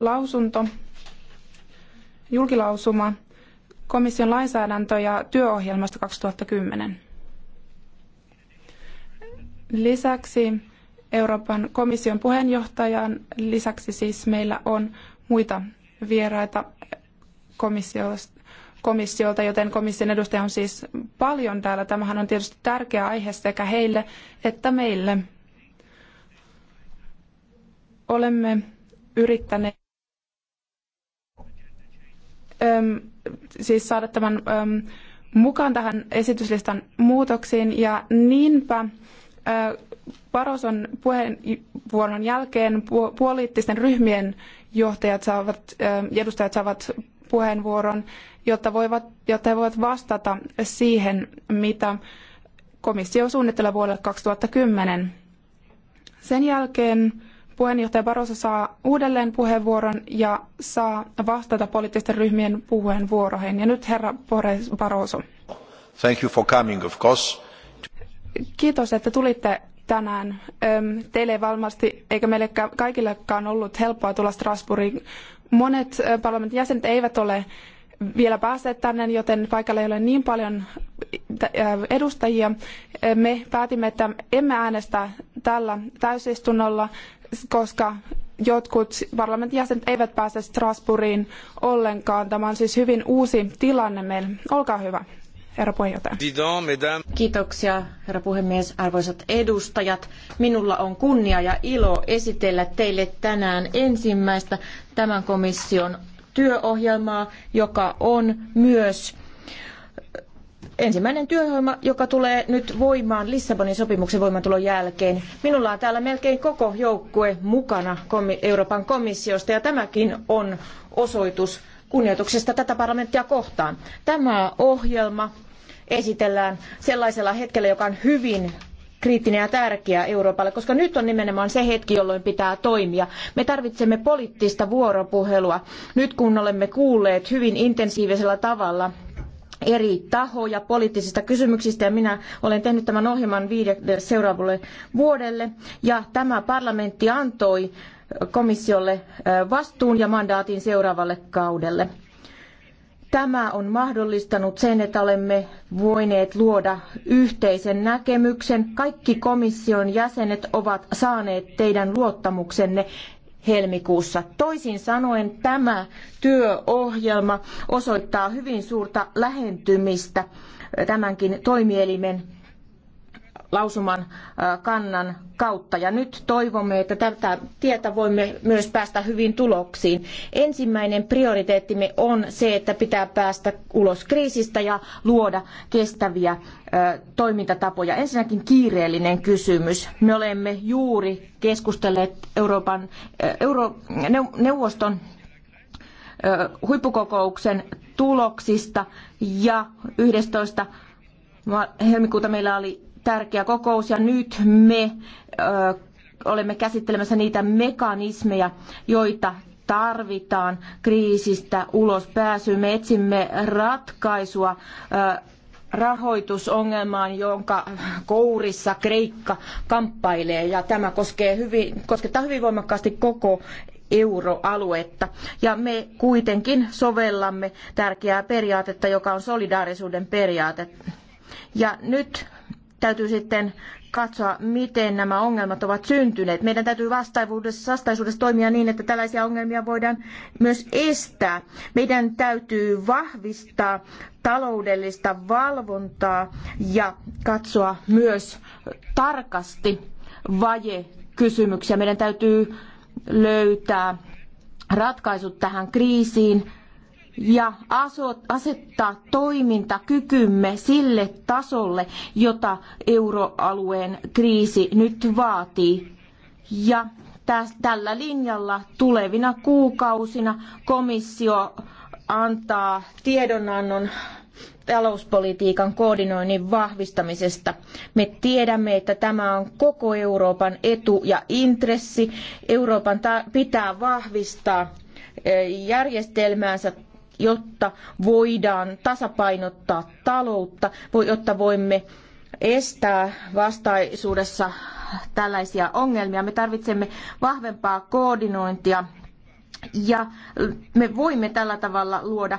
lausunto, julkilausuma komission lainsäädäntö- ja työohjelmasta 2010. Lisäksi Euroopan komission puheenjohtajan lisäksi siis meillä on muita vieraita komissiolta, joten komission edustaja on siis paljon täällä. Tämähän on tietysti tärkeä aihe sekä heille että meille. Olemme yrittäneet äm, siis saada tämän äm, mukaan tähän esityslistan muutoksiin ja niinpä äh, puheenvuoron jälkeen pu- poliittisten ryhmien johtajat saavat, äh, edustajat saavat puheenvuoron, jotta, voivat, jotta he voivat vastata siihen, mitä komissio suunnittelee vuodelle 2010. Sen jälkeen puheenjohtaja Barroso saa uudelleen puheenvuoron ja saa vastata poliittisten ryhmien puheenvuoroihin. Ja nyt herra Barroso. Thank you for coming, of course. Kiitos, että tulitte tänään. Teille ei varmasti, eikä meille kaikillekaan ollut helppoa tulla Strasbourgiin. Monet parlamentin jäsenet eivät ole vielä päässeet tänne, joten paikalla ei ole niin paljon edustajia. Me päätimme, että emme äänestä tällä täysistunnolla, koska jotkut parlamentin jäsenet eivät pääse Strasbourgiin ollenkaan. Tämä on siis hyvin uusi tilanne meille. Olkaa hyvä, herra puheenjohtaja. Kiitoksia, herra puhemies, arvoisat edustajat. Minulla on kunnia ja ilo esitellä teille tänään ensimmäistä tämän komission työohjelmaa, joka on myös ensimmäinen työohjelma, joka tulee nyt voimaan Lissabonin sopimuksen voimaantulon jälkeen. Minulla on täällä melkein koko joukkue mukana Euroopan komissiosta ja tämäkin on osoitus kunnioituksesta tätä parlamenttia kohtaan. Tämä ohjelma esitellään sellaisella hetkellä, joka on hyvin kriittinen ja tärkeä Euroopalle, koska nyt on nimenomaan se hetki, jolloin pitää toimia. Me tarvitsemme poliittista vuoropuhelua. Nyt kun olemme kuulleet hyvin intensiivisellä tavalla eri tahoja poliittisista kysymyksistä ja minä olen tehnyt tämän ohjelman viidelle seuraavalle vuodelle ja tämä parlamentti antoi komissiolle vastuun ja mandaatin seuraavalle kaudelle. Tämä on mahdollistanut sen, että olemme voineet luoda yhteisen näkemyksen. Kaikki komission jäsenet ovat saaneet teidän luottamuksenne helmikuussa. Toisin sanoen tämä työohjelma osoittaa hyvin suurta lähentymistä tämänkin toimielimen lausuman äh, kannan kautta. Ja nyt toivomme, että tätä tietä voimme myös päästä hyvin tuloksiin. Ensimmäinen prioriteettimme on se, että pitää päästä ulos kriisistä ja luoda kestäviä äh, toimintatapoja. Ensinnäkin kiireellinen kysymys. Me olemme juuri keskustelleet Euroopan äh, Euro, neuvoston huippukokouksen tuloksista ja 11. helmikuuta meillä oli tärkeä kokous ja nyt me ö, olemme käsittelemässä niitä mekanismeja, joita tarvitaan kriisistä ulos pääsyyn. Me etsimme ratkaisua ö, rahoitusongelmaan, jonka kourissa Kreikka kamppailee ja tämä koskee hyvin, koskettaa hyvin voimakkaasti koko euroaluetta. Ja me kuitenkin sovellamme tärkeää periaatetta, joka on solidaarisuuden periaate. Ja nyt täytyy sitten katsoa, miten nämä ongelmat ovat syntyneet. Meidän täytyy vastaisuudessa toimia niin, että tällaisia ongelmia voidaan myös estää. Meidän täytyy vahvistaa taloudellista valvontaa ja katsoa myös tarkasti vajekysymyksiä. Meidän täytyy löytää ratkaisut tähän kriisiin ja asettaa toimintakykymme sille tasolle, jota euroalueen kriisi nyt vaatii. Ja tällä linjalla tulevina kuukausina komissio antaa tiedonannon talouspolitiikan koordinoinnin vahvistamisesta. Me tiedämme, että tämä on koko Euroopan etu ja intressi. Euroopan pitää vahvistaa eh, järjestelmäänsä jotta voidaan tasapainottaa taloutta, jotta voimme estää vastaisuudessa tällaisia ongelmia. Me tarvitsemme vahvempaa koordinointia ja me voimme tällä tavalla luoda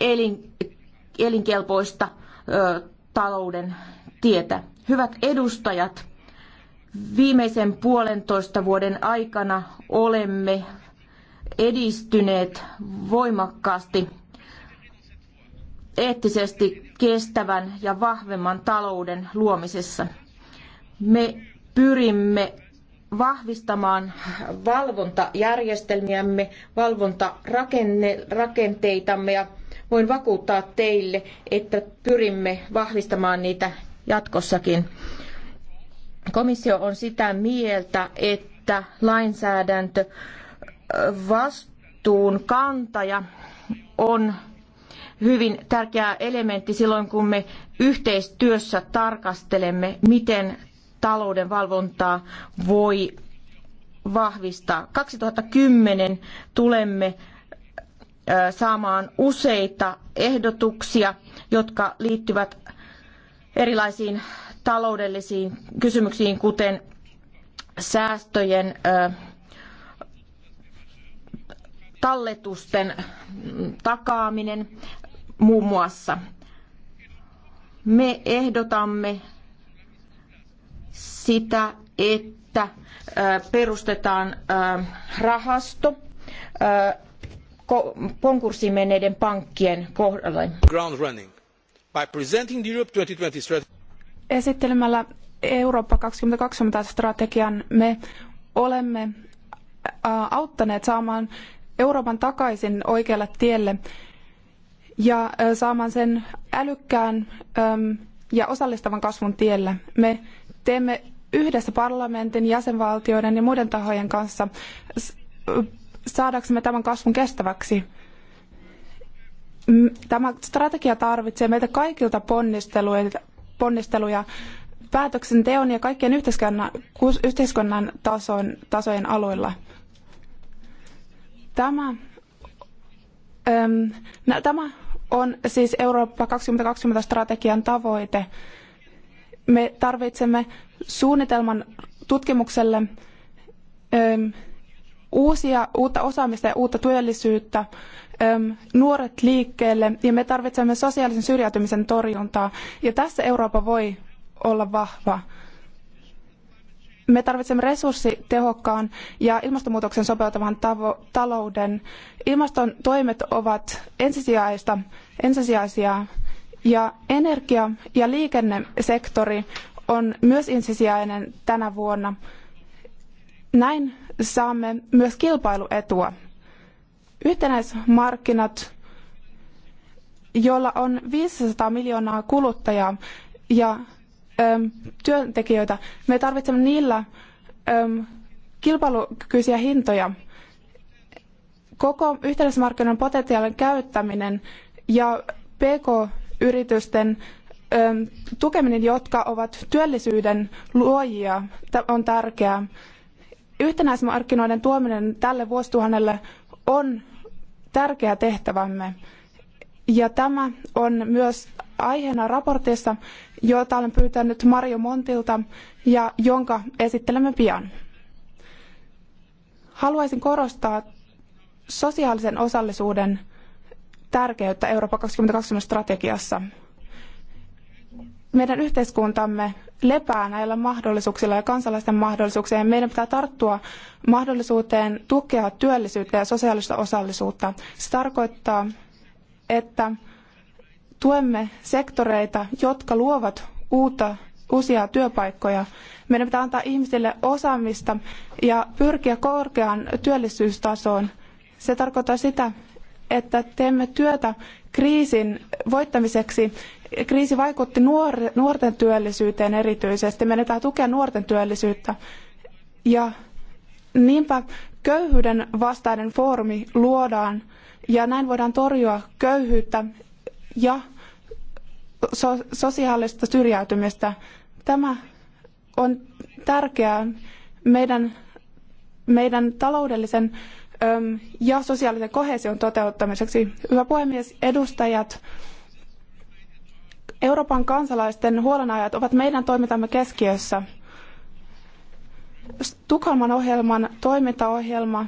elin, elinkelpoista ö, talouden tietä. Hyvät edustajat, viimeisen puolentoista vuoden aikana olemme edistyneet voimakkaasti eettisesti kestävän ja vahvemman talouden luomisessa. Me pyrimme vahvistamaan valvontajärjestelmiämme, valvontarakenteitamme ja voin vakuuttaa teille, että pyrimme vahvistamaan niitä jatkossakin. Komissio on sitä mieltä, että lainsäädäntö vastuunkantaja on hyvin tärkeä elementti silloin, kun me yhteistyössä tarkastelemme, miten talouden valvontaa voi vahvistaa. 2010 tulemme saamaan useita ehdotuksia, jotka liittyvät erilaisiin taloudellisiin kysymyksiin, kuten säästöjen talletusten takaaminen muun muassa. Me ehdotamme sitä, että perustetaan rahasto konkurssiin menneiden pankkien kohdalle. Ground running. By presenting the Europe 2020 Esittelemällä Eurooppa 2020 strategian me olemme auttaneet saamaan Euroopan takaisin oikealle tielle ja saamaan sen älykkään ja osallistavan kasvun tielle. Me teemme yhdessä parlamentin, jäsenvaltioiden ja muiden tahojen kanssa saadaksemme tämän kasvun kestäväksi. Tämä strategia tarvitsee meiltä kaikilta ponnisteluja, ponnisteluja päätöksenteon ja kaikkien yhteiskunnan, yhteiskunnan tason, tasojen aloilla. Tämä, äm, tämä on siis Eurooppa 2020 strategian tavoite. Me tarvitsemme suunnitelman tutkimukselle äm, uusia, uutta osaamista ja uutta työllisyyttä, äm, nuoret liikkeelle ja me tarvitsemme sosiaalisen syrjäytymisen torjuntaa. Ja tässä Eurooppa voi olla vahva me tarvitsemme resurssitehokkaan ja ilmastonmuutoksen sopeutuvan talouden. Ilmaston toimet ovat ensisijaista, ensisijaisia ja energia- ja liikennesektori on myös ensisijainen tänä vuonna. Näin saamme myös kilpailuetua. Yhtenäismarkkinat, joilla on 500 miljoonaa kuluttajaa ja työntekijöitä. Me tarvitsemme niillä kilpailukykyisiä hintoja. Koko yhteismarkkinoiden potentiaalin käyttäminen ja PK-yritysten tukeminen, jotka ovat työllisyyden luojia, on tärkeää. Yhtenäismarkkinoiden tuominen tälle vuosituhannelle on tärkeä tehtävämme. Ja tämä on myös aiheena raportissa, jota olen pyytänyt Mario Montilta ja jonka esittelemme pian. Haluaisin korostaa sosiaalisen osallisuuden tärkeyttä Eurooppa 2020 strategiassa. Meidän yhteiskuntamme lepää näillä mahdollisuuksilla ja kansalaisten mahdollisuuksilla. Meidän pitää tarttua mahdollisuuteen tukea työllisyyttä ja sosiaalista osallisuutta. Se tarkoittaa, että tuemme sektoreita, jotka luovat uutta, uusia työpaikkoja. Meidän pitää antaa ihmisille osaamista ja pyrkiä korkeaan työllisyystasoon. Se tarkoittaa sitä, että teemme työtä kriisin voittamiseksi. Kriisi vaikutti nuorten työllisyyteen erityisesti. Meidän pitää tukea nuorten työllisyyttä. Ja niinpä köyhyyden vastainen foorumi luodaan ja näin voidaan torjua köyhyyttä ja so- sosiaalista syrjäytymistä. Tämä on tärkeää meidän, meidän taloudellisen öm, ja sosiaalisen kohesion toteuttamiseksi. Hyvä puhemies, edustajat, Euroopan kansalaisten huolenajat ovat meidän toimintamme keskiössä. Tukholman ohjelman toimintaohjelma,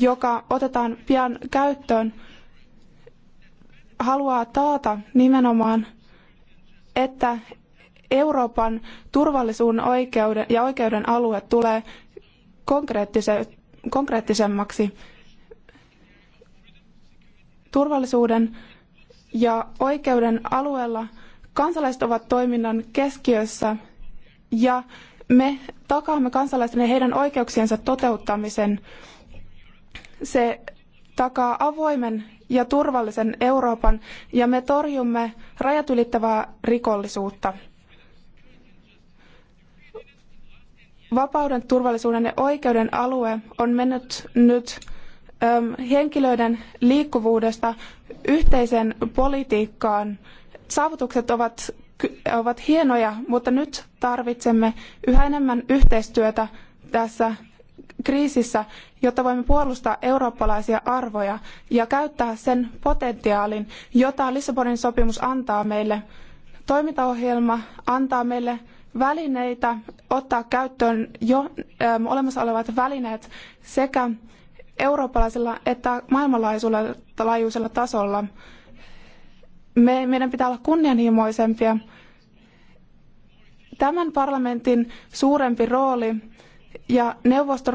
joka otetaan pian käyttöön, haluaa taata nimenomaan, että Euroopan turvallisuuden oikeuden ja oikeuden alue tulee konkreettisemmaksi. Turvallisuuden ja oikeuden alueella kansalaiset ovat toiminnan keskiössä ja me takaamme kansalaisten ja heidän oikeuksiensa toteuttamisen. Se takaa avoimen ja turvallisen Euroopan ja me torjumme rajat ylittävää rikollisuutta. Vapauden, turvallisuuden ja oikeuden alue on mennyt nyt henkilöiden liikkuvuudesta yhteiseen politiikkaan. Saavutukset ovat, ovat hienoja, mutta nyt tarvitsemme yhä enemmän yhteistyötä tässä kriisissä, jotta voimme puolustaa eurooppalaisia arvoja ja käyttää sen potentiaalin, jota Lissabonin sopimus antaa meille. Toimintaohjelma antaa meille välineitä ottaa käyttöön jo ähm, olemassa olevat välineet sekä eurooppalaisella että maailmanlaajuisella tasolla. Me, meidän pitää olla kunnianhimoisempia. Tämän parlamentin suurempi rooli ja neuvoston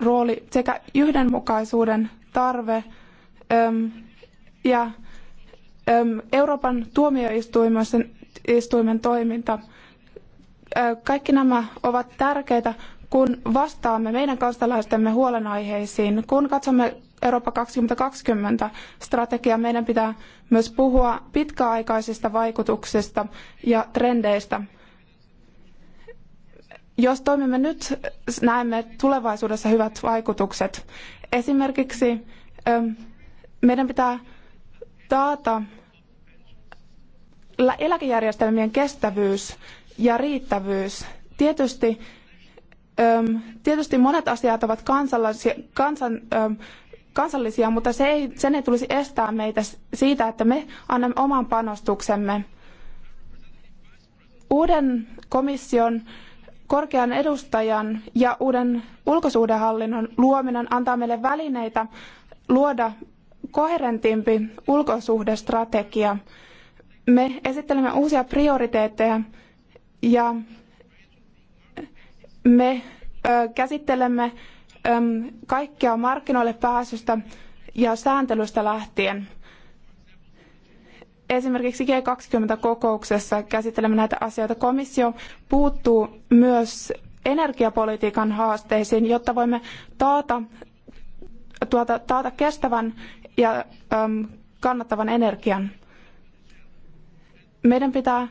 rooli sekä yhdenmukaisuuden tarve ähm, ja ähm, Euroopan tuomioistuimen toiminta. Äh, kaikki nämä ovat tärkeitä, kun vastaamme meidän kansalaistemme huolenaiheisiin. Kun katsomme Eurooppa 2020 strategiaa, meidän pitää myös puhua pitkäaikaisista vaikutuksista ja trendeistä. Jos toimimme nyt, näemme tulevaisuudessa hyvät vaikutukset. Esimerkiksi ähm, meidän pitää taata eläkejärjestelmien kestävyys ja riittävyys. Tietysti, ähm, tietysti monet asiat ovat kansallisia, kansan, ähm, kansallisia, mutta se ei, sen ei tulisi estää meitä siitä, että me annamme oman panostuksemme. Uuden komission korkean edustajan ja uuden ulkosuhdehallinnon luominen antaa meille välineitä luoda koherentimpi ulkosuhdestrategia. Me esittelemme uusia prioriteetteja ja me käsittelemme kaikkea markkinoille pääsystä ja sääntelystä lähtien esimerkiksi G20-kokouksessa käsittelemme näitä asioita. Komissio puuttuu myös energiapolitiikan haasteisiin, jotta voimme taata, tuota, taata kestävän ja äm, kannattavan energian. Meidän pitää,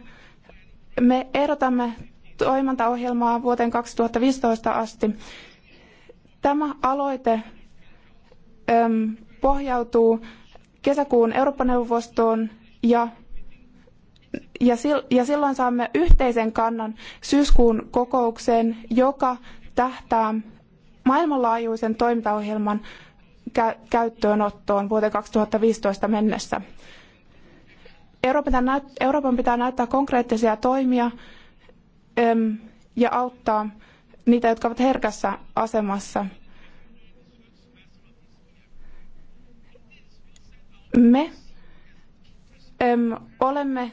me ehdotamme toimintaohjelmaa vuoteen 2015 asti. Tämä aloite äm, pohjautuu kesäkuun Eurooppa-neuvostoon ja, ja, sil, ja silloin saamme yhteisen kannan syyskuun kokoukseen, joka tähtää maailmanlaajuisen toimintaohjelman kä- käyttöönottoon vuoteen 2015 mennessä. Euroopan pitää näyttää konkreettisia toimia ja auttaa niitä, jotka ovat herkässä asemassa. Me olemme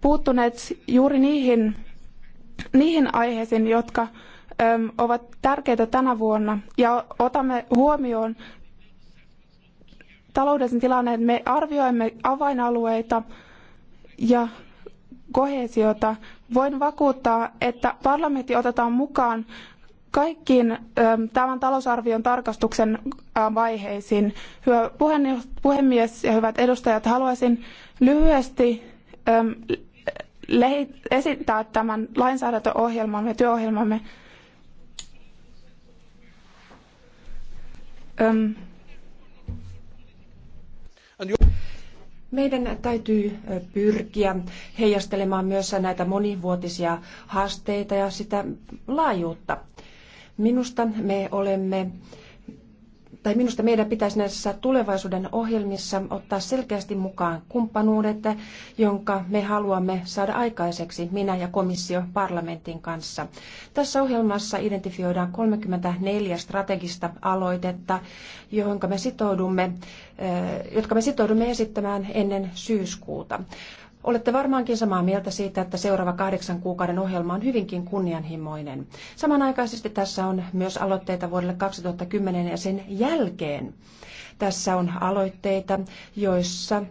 puuttuneet juuri niihin, niihin aiheisiin, jotka ovat tärkeitä tänä vuonna ja otamme huomioon taloudellisen tilanteen. Me arvioimme avainalueita ja kohesiota. Voin vakuuttaa, että parlamentti otetaan mukaan kaikkiin ähm, tämän talousarvion tarkastuksen ähm, vaiheisiin. Hyvä puhemies ja hyvät edustajat, haluaisin lyhyesti ähm, esittää tämän lainsäädäntöohjelmamme, työohjelmamme meidän täytyy pyrkiä heijastelemaan myös näitä monivuotisia haasteita ja sitä laajuutta. Minusta me olemme tai minusta meidän pitäisi näissä tulevaisuuden ohjelmissa ottaa selkeästi mukaan kumppanuudet, jonka me haluamme saada aikaiseksi minä ja komissio parlamentin kanssa. Tässä ohjelmassa identifioidaan 34 strategista aloitetta, johon me sitoudumme, eh, jotka me sitoudumme esittämään ennen syyskuuta. Olette varmaankin samaa mieltä siitä, että seuraava kahdeksan kuukauden ohjelma on hyvinkin kunnianhimoinen. Samanaikaisesti tässä on myös aloitteita vuodelle 2010 ja sen jälkeen. Tässä on aloitteita, joissa,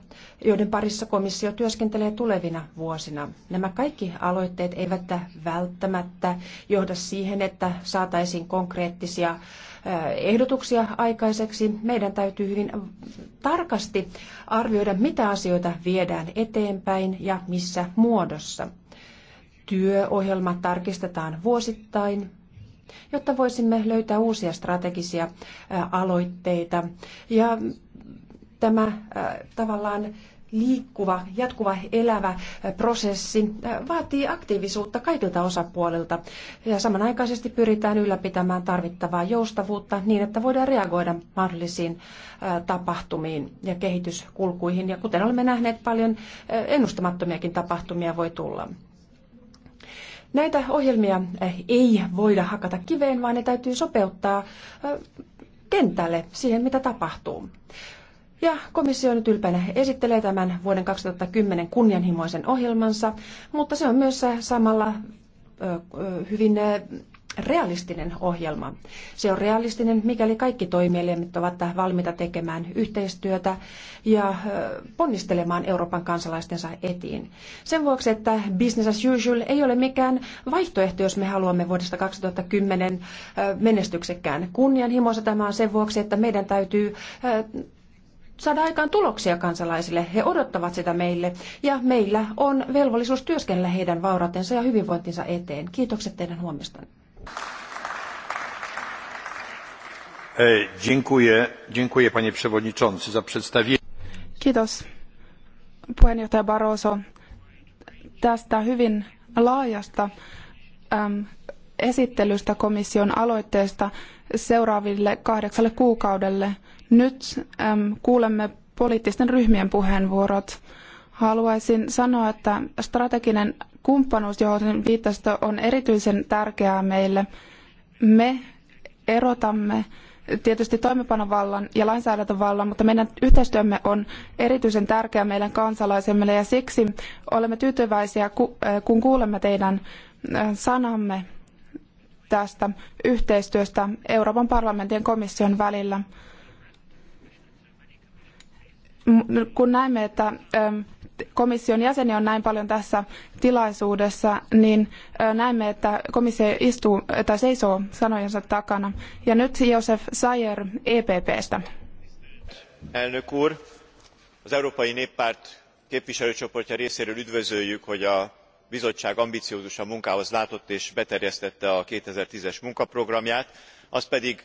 joiden parissa komissio työskentelee tulevina vuosina. Nämä kaikki aloitteet eivät välttämättä johda siihen, että saataisiin konkreettisia ehdotuksia aikaiseksi. Meidän täytyy hyvin tarkasti arvioida, mitä asioita viedään eteenpäin ja missä muodossa. Työohjelma tarkistetaan vuosittain jotta voisimme löytää uusia strategisia aloitteita. Ja tämä tavallaan liikkuva, jatkuva elävä prosessi vaatii aktiivisuutta kaikilta osapuolilta ja samanaikaisesti pyritään ylläpitämään tarvittavaa joustavuutta niin, että voidaan reagoida mahdollisiin tapahtumiin ja kehityskulkuihin. Ja kuten olemme nähneet, paljon ennustamattomiakin tapahtumia voi tulla. Näitä ohjelmia eh, ei voida hakata kiveen, vaan ne täytyy sopeuttaa eh, kentälle siihen, mitä tapahtuu. Ja komissio nyt ylpeänä esittelee tämän vuoden 2010 kunnianhimoisen ohjelmansa, mutta se on myös eh, samalla hyvin realistinen ohjelma. Se on realistinen, mikäli kaikki toimielimet ovat valmiita tekemään yhteistyötä ja ponnistelemaan Euroopan kansalaistensa etiin. Sen vuoksi, että business as usual ei ole mikään vaihtoehto, jos me haluamme vuodesta 2010 menestyksekkään kunnianhimoisa. Tämä on sen vuoksi, että meidän täytyy saada aikaan tuloksia kansalaisille. He odottavat sitä meille ja meillä on velvollisuus työskennellä heidän vauratensa ja hyvinvointinsa eteen. Kiitokset teidän huomistanne. E, dziękuję, panie przewodniczący za przedstawienie. Kiitos puheenjohtaja Barroso tästä hyvin laajasta äm, esittelystä komission aloitteesta seuraaville kahdeksalle kuukaudelle. Nyt äm, kuulemme poliittisten ryhmien puheenvuorot. Haluaisin sanoa, että strateginen kumppanuus, johon viittasitte, on erityisen tärkeää meille. Me erotamme tietysti toimipanovallan ja lainsäädäntövallan, mutta meidän yhteistyömme on erityisen tärkeää meidän kansalaisemmille ja siksi olemme tyytyväisiä, äh, kun kuulemme teidän äh, sanamme tästä yhteistyöstä Euroopan parlamentin ja komission välillä. Kun näemme, että ähm, komission jäseni on näin paljon tässä tilaisuudessa, niin näemme, että komissio istuu tai seisoo sanojensa takana. Ja nyt Josef Sayer EPPstä. Elnök úr, az Európai Néppárt képviselőcsoportja részéről üdvözöljük, hogy a bizottság ambiciózus a munkához látott és beterjesztette a 2010-es munkaprogramját, az pedig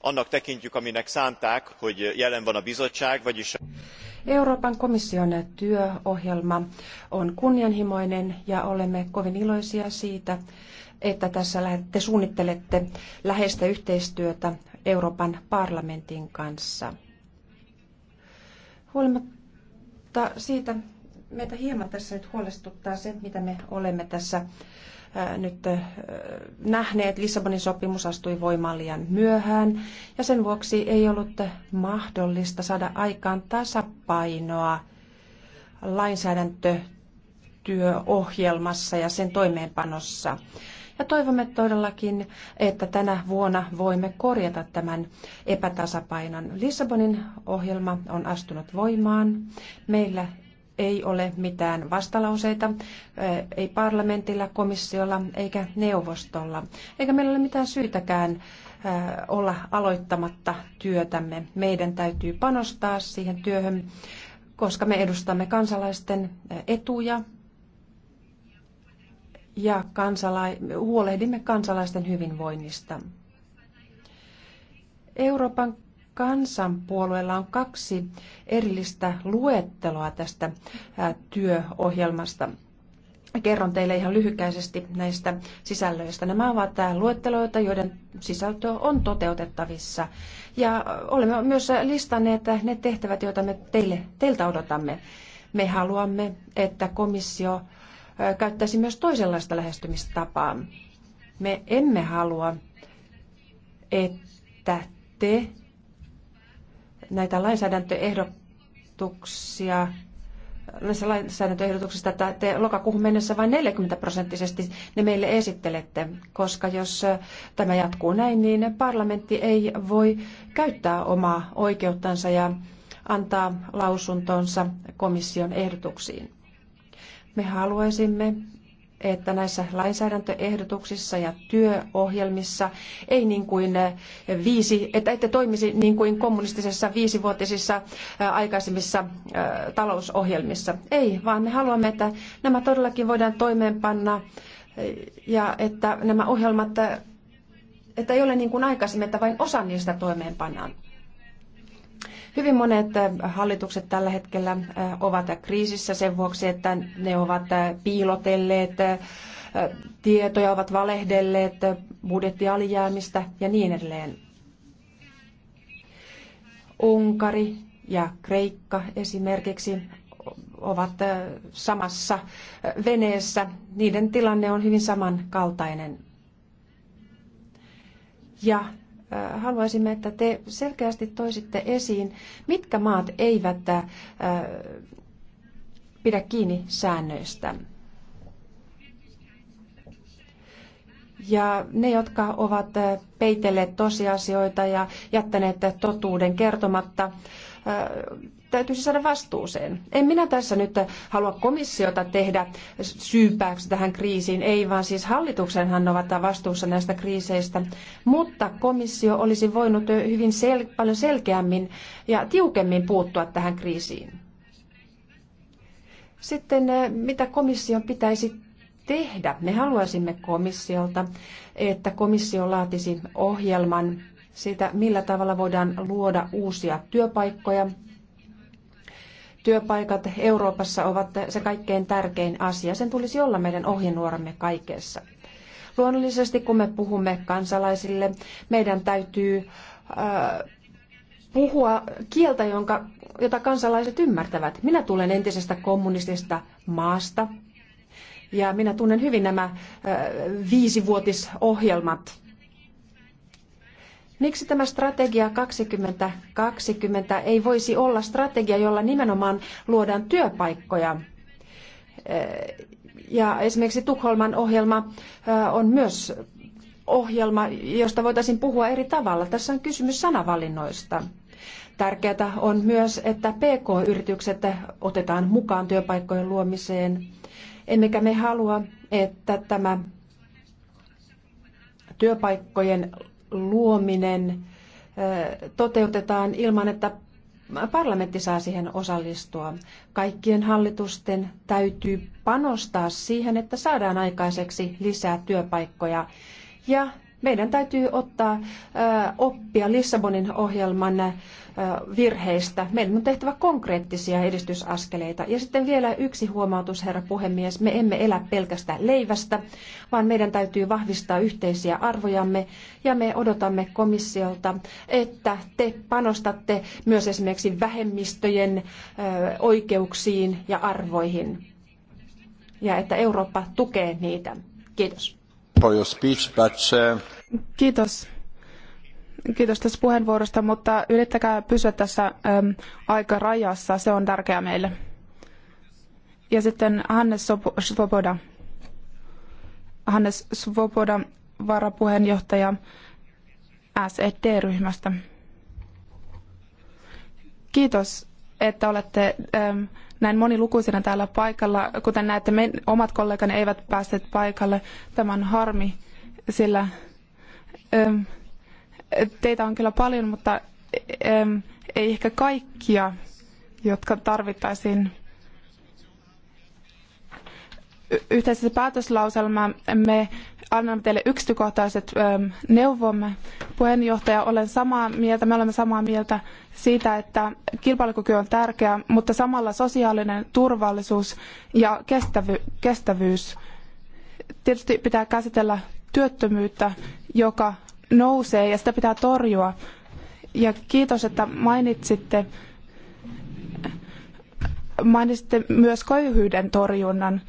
annak tekintjük aminek szánták hogy jelen van a bizottság vagyis Euroopan komission työohjelma on kunnianhimoinen ja olemme kovin iloisia siitä, että tässä te suunnittelette läheistä yhteistyötä Euroopan parlamentin kanssa. Huolimatta siitä, meitä hieman tässä nyt huolestuttaa se, mitä me olemme tässä Äh, nyt äh, nähneet, Lissabonin sopimus astui voimaan liian myöhään ja sen vuoksi ei ollut mahdollista saada aikaan tasapainoa lainsäädäntötyöohjelmassa ja sen toimeenpanossa. Ja toivomme todellakin, että tänä vuonna voimme korjata tämän epätasapainon. Lissabonin ohjelma on astunut voimaan. Meillä ei ole mitään vastalauseita, ei parlamentilla, komissiolla eikä neuvostolla. Eikä meillä ole mitään syytäkään olla aloittamatta työtämme. Meidän täytyy panostaa siihen työhön, koska me edustamme kansalaisten etuja ja kansala- huolehdimme kansalaisten hyvinvoinnista. Euroopan kansanpuolueella on kaksi erillistä luetteloa tästä työohjelmasta. Kerron teille ihan lyhykäisesti näistä sisällöistä. Nämä ovat luetteloita, joiden sisältö on toteutettavissa. Ja olemme myös listanneet ne tehtävät, joita me teille, teiltä odotamme. Me haluamme, että komissio käyttäisi myös toisenlaista lähestymistapaa. Me emme halua, että te näitä lainsäädäntöehdotuksia näissä lainsäädäntöehdotuksissa, että te lokakuuhun mennessä vain 40 prosenttisesti ne meille esittelette, koska jos tämä jatkuu näin, niin parlamentti ei voi käyttää omaa oikeuttansa ja antaa lausuntonsa komission ehdotuksiin. Me haluaisimme, että näissä lainsäädäntöehdotuksissa ja työohjelmissa ei niin kuin viisi, että ette toimisi niin kuin kommunistisessa viisivuotisissa aikaisemmissa talousohjelmissa. Ei, vaan me haluamme, että nämä todellakin voidaan toimeenpanna ja että nämä ohjelmat, että ei ole niin kuin aikaisemmin, että vain osa niistä toimeenpannaan. Hyvin monet äh, hallitukset tällä hetkellä äh, ovat kriisissä sen vuoksi, että ne ovat äh, piilotelleet tietoja, ovat valehdelleet budjettialijäämistä ja niin edelleen. Unkari ja Kreikka esimerkiksi ovat samassa veneessä. Niiden tilanne on hyvin samankaltainen. Ja Äh, haluaisimme, että te selkeästi toisitte esiin, mitkä maat eivät äh, pidä kiinni säännöistä. Ja ne, jotka ovat äh, peitelleet tosiasioita ja jättäneet totuuden kertomatta, täytyisi saada vastuuseen. En minä tässä nyt halua komissiota tehdä syypääksi tähän kriisiin, ei vaan siis hallituksenhan ovat vastuussa näistä kriiseistä, mutta komissio olisi voinut hyvin sel- paljon selkeämmin ja tiukemmin puuttua tähän kriisiin. Sitten eh, mitä komission pitäisi tehdä? Me haluaisimme komissiolta, että komissio laatisi ohjelman siitä, millä tavalla voidaan luoda uusia työpaikkoja Työpaikat Euroopassa ovat se kaikkein tärkein asia. Sen tulisi olla meidän ohjenuoramme kaikessa. Luonnollisesti, kun me puhumme kansalaisille, meidän täytyy äh, puhua kieltä, jonka, jota kansalaiset ymmärtävät. Minä tulen entisestä kommunistista maasta ja minä tunnen hyvin nämä ö, äh, viisivuotisohjelmat. Miksi tämä strategia 2020 ei voisi olla strategia, jolla nimenomaan luodaan työpaikkoja? Eh, ja esimerkiksi Tukholman ohjelma eh, on myös ohjelma, josta voitaisiin puhua eri tavalla. Tässä on kysymys sanavalinnoista. Tärkeää on myös, että PK-yritykset otetaan mukaan työpaikkojen luomiseen. Emmekä me halua, että tämä työpaikkojen luominen toteutetaan ilman, että parlamentti saa siihen osallistua. Kaikkien hallitusten täytyy panostaa siihen, että saadaan aikaiseksi lisää työpaikkoja ja meidän täytyy ottaa oppia Lissabonin ohjelman virheistä. Meidän on tehtävä konkreettisia edistysaskeleita. Ja sitten vielä yksi huomautus, herra puhemies. Me emme elä pelkästä leivästä, vaan meidän täytyy vahvistaa yhteisiä arvojamme. Ja me odotamme komissiolta, että te panostatte myös esimerkiksi vähemmistöjen oikeuksiin ja arvoihin. Ja että Eurooppa tukee niitä. Kiitos for your speech, but, uh... Kiitos. Kiitos tästä puheenvuorosta, mutta yrittäkää pysyä tässä äm, aikarajassa, se on tärkeää meille. Ja sitten Hannes Svoboda. Hannes Svoboda, varapuheenjohtaja SED-ryhmästä. Kiitos, että olette ähm, näin monilukuisena täällä paikalla. Kuten näette, me, omat kollegani eivät päässeet paikalle. Tämä on harmi, sillä äm, teitä on kyllä paljon, mutta äm, ei ehkä kaikkia, jotka tarvittaisiin yhteisessä päätöslauselmaa me annamme teille yksityiskohtaiset ähm, neuvomme. Puheenjohtaja, olen samaa mieltä, me olemme samaa mieltä siitä, että kilpailukyky on tärkeä, mutta samalla sosiaalinen turvallisuus ja kestävyys. Tietysti pitää käsitellä työttömyyttä, joka nousee ja sitä pitää torjua. Ja kiitos, että mainitsitte, mainitsitte myös köyhyyden torjunnan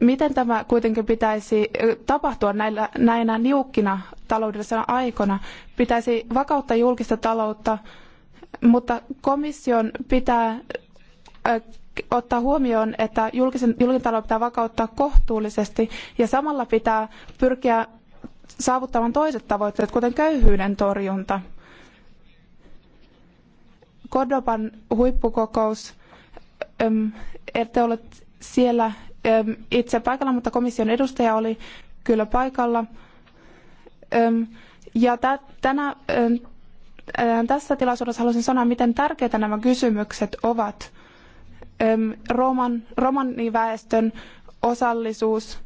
miten tämä kuitenkin pitäisi tapahtua näillä, näinä niukkina taloudellisena aikoina? Pitäisi vakauttaa julkista taloutta, mutta komission pitää ottaa huomioon, että julkisen, julkinen talous pitää vakauttaa kohtuullisesti ja samalla pitää pyrkiä saavuttamaan toiset tavoitteet, kuten köyhyyden torjunta. Kodopan huippukokous, ette ole siellä itse paikalla, mutta komission edustaja oli kyllä paikalla. Ja tänä, tässä tilaisuudessa haluaisin sanoa, miten tärkeitä nämä kysymykset ovat. Roman, romaniväestön osallisuus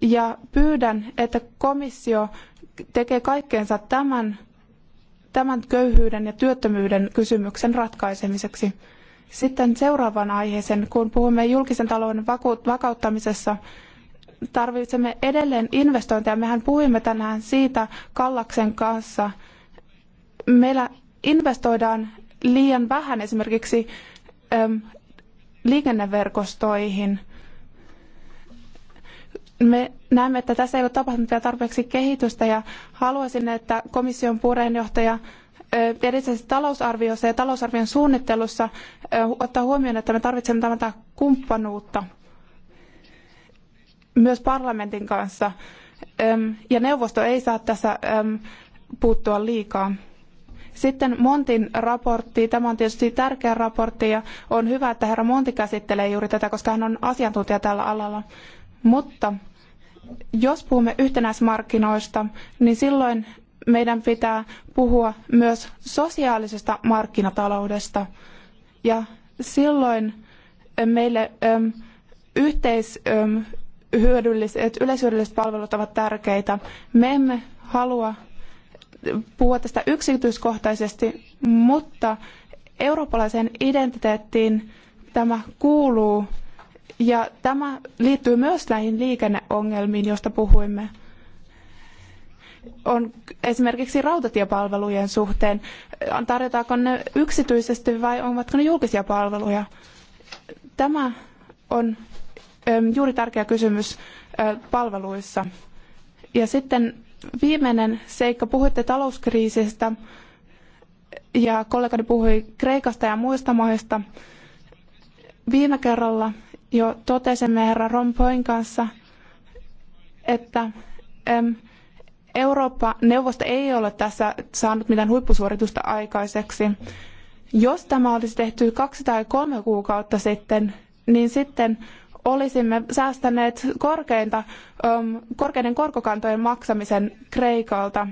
ja pyydän, että komissio tekee kaikkeensa tämän, tämän köyhyyden ja työttömyyden kysymyksen ratkaisemiseksi. Sitten seuraavan aiheeseen, kun puhumme julkisen talouden vakauttamisessa, tarvitsemme edelleen investointeja. Mehän puhuimme tänään siitä Kallaksen kanssa. Meillä investoidaan liian vähän esimerkiksi ähm, liikenneverkostoihin. Me näemme, että tässä ei ole tapahtunut vielä tarpeeksi kehitystä ja haluaisin, että komission puheenjohtaja erityisesti talousarviossa ja talousarvion suunnittelussa ottaa huomioon, että me tarvitsemme tätä kumppanuutta myös parlamentin kanssa. Ja neuvosto ei saa tässä puuttua liikaa. Sitten Montin raportti. Tämä on tietysti tärkeä raportti ja on hyvä, että herra Monti käsittelee juuri tätä, koska hän on asiantuntija tällä alalla. Mutta jos puhumme yhtenäismarkkinoista, niin silloin meidän pitää puhua myös sosiaalisesta markkinataloudesta. Ja silloin meille äm, yhteis, äm, hyödylliset, yleishyödylliset palvelut ovat tärkeitä. Me emme halua puhua tästä yksityiskohtaisesti, mutta eurooppalaiseen identiteettiin tämä kuuluu ja tämä liittyy myös näihin liikenneongelmiin, joista puhuimme on esimerkiksi rautatiepalvelujen suhteen? Äh, Tarjotaanko ne yksityisesti vai ovatko ne julkisia palveluja? Tämä on ähm, juuri tärkeä kysymys äh, palveluissa. Ja sitten viimeinen seikka, puhuitte talouskriisistä ja kollegani puhui Kreikasta ja muista maista. Viime kerralla jo totesimme herra Rompoin kanssa, että ähm, Eurooppa-neuvosto ei ole tässä saanut mitään huippusuoritusta aikaiseksi. Jos tämä olisi tehty kaksi tai kolme kuukautta sitten, niin sitten olisimme säästäneet korkeinta, korkeiden korkokantojen maksamisen Kreikalta.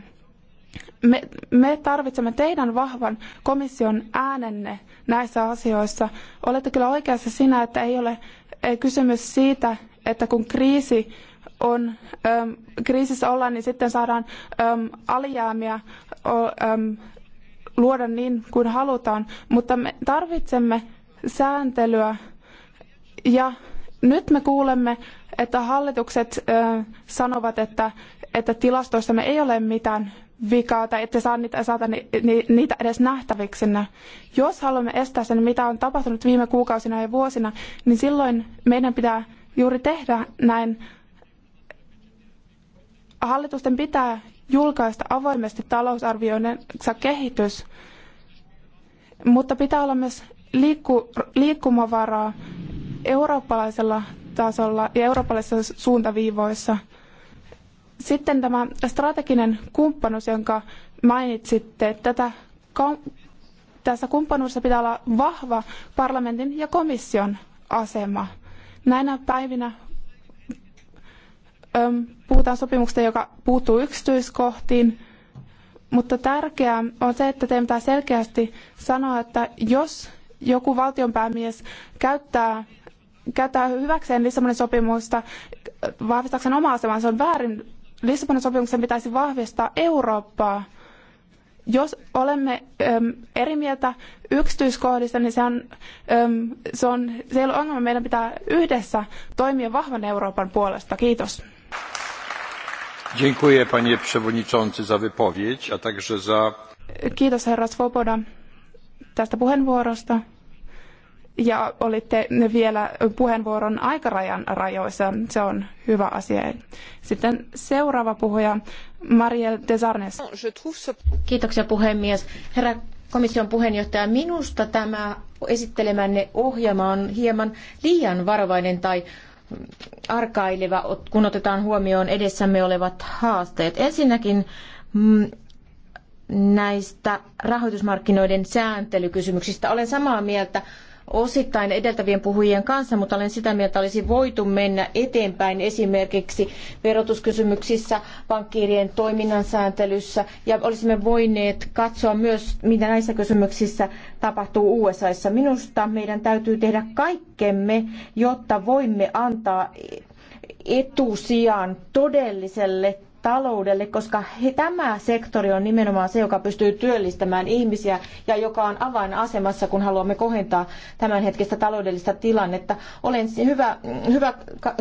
Me, me tarvitsemme teidän vahvan komission äänenne näissä asioissa. Olette kyllä oikeassa siinä, että ei ole kysymys siitä, että kun kriisi on äm, kriisissä ollaan, niin sitten saadaan äm, alijäämiä äm, luoda niin kuin halutaan, mutta me tarvitsemme sääntelyä ja nyt me kuulemme, että hallitukset äh, sanovat, että, että tilastoissamme ei ole mitään vikaa tai ette saa niitä, saata ni, ni, niitä edes nähtäviksi. Jos haluamme estää sen, mitä on tapahtunut viime kuukausina ja vuosina, niin silloin meidän pitää juuri tehdä näin Hallitusten pitää julkaista avoimesti talousarvioidensa kehitys, mutta pitää olla myös liikku, liikkumavaraa eurooppalaisella tasolla ja eurooppalaisissa suuntaviivoissa. Sitten tämä strateginen kumppanuus, jonka mainitsitte, tätä tässä kumppanuudessa pitää olla vahva parlamentin ja komission asema. Näinä päivinä puhutaan sopimuksesta, joka puuttuu yksityiskohtiin, mutta tärkeää on se, että teidän pitää selkeästi sanoa, että jos joku valtionpäämies käyttää, käyttää hyväkseen Lissabonin sopimusta vahvistaakseen omaa asemaa, se on väärin. Lissabonin sopimuksen pitäisi vahvistaa Eurooppaa. Jos olemme äm, eri mieltä yksityiskohdista, niin se, on, äm, se, on, se ei ole ongelma. Meidän pitää yhdessä toimia vahvan Euroopan puolesta. Kiitos. Dziękuję panie przewodniczący za wypowiedź, a także za... Kiitos herra Svoboda tästä puheenvuorosta. Ja olitte vielä puheenvuoron aikarajan rajoissa. Se on hyvä asia. Sitten seuraava puhuja, Marielle Desarnes. Kiitoksia puhemies. Herra komission puheenjohtaja, minusta tämä esittelemänne ohjelma on hieman liian varovainen tai arkaileva, kun otetaan huomioon edessämme olevat haasteet. Ensinnäkin mm, näistä rahoitusmarkkinoiden sääntelykysymyksistä. Olen samaa mieltä osittain edeltävien puhujien kanssa, mutta olen sitä mieltä, että olisi voitu mennä eteenpäin esimerkiksi verotuskysymyksissä, pankkiirien toiminnan sääntelyssä ja olisimme voineet katsoa myös, mitä näissä kysymyksissä tapahtuu USAissa. Minusta meidän täytyy tehdä kaikkemme, jotta voimme antaa etusijan todelliselle taloudelle, koska he, tämä sektori on nimenomaan se, joka pystyy työllistämään ihmisiä ja joka on avainasemassa, kun haluamme kohentaa tämänhetkistä taloudellista tilannetta. Olen hyvä, hyvä,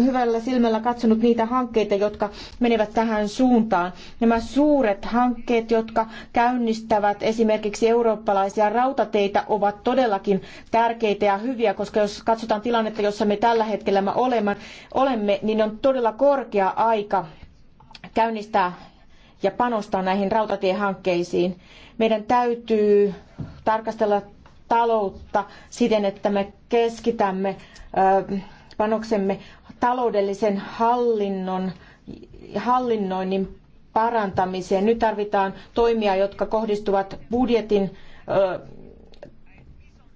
hyvällä silmällä katsonut niitä hankkeita, jotka menevät tähän suuntaan. Nämä suuret hankkeet, jotka käynnistävät esimerkiksi eurooppalaisia rautateitä, ovat todellakin tärkeitä ja hyviä, koska jos katsotaan tilannetta, jossa me tällä hetkellä olemme, niin on todella korkea aika käynnistää ja panostaa näihin rautatiehankkeisiin. Meidän täytyy tarkastella taloutta siten, että me keskitämme panoksemme taloudellisen hallinnon, hallinnoinnin parantamiseen. Nyt tarvitaan toimia, jotka kohdistuvat budjetin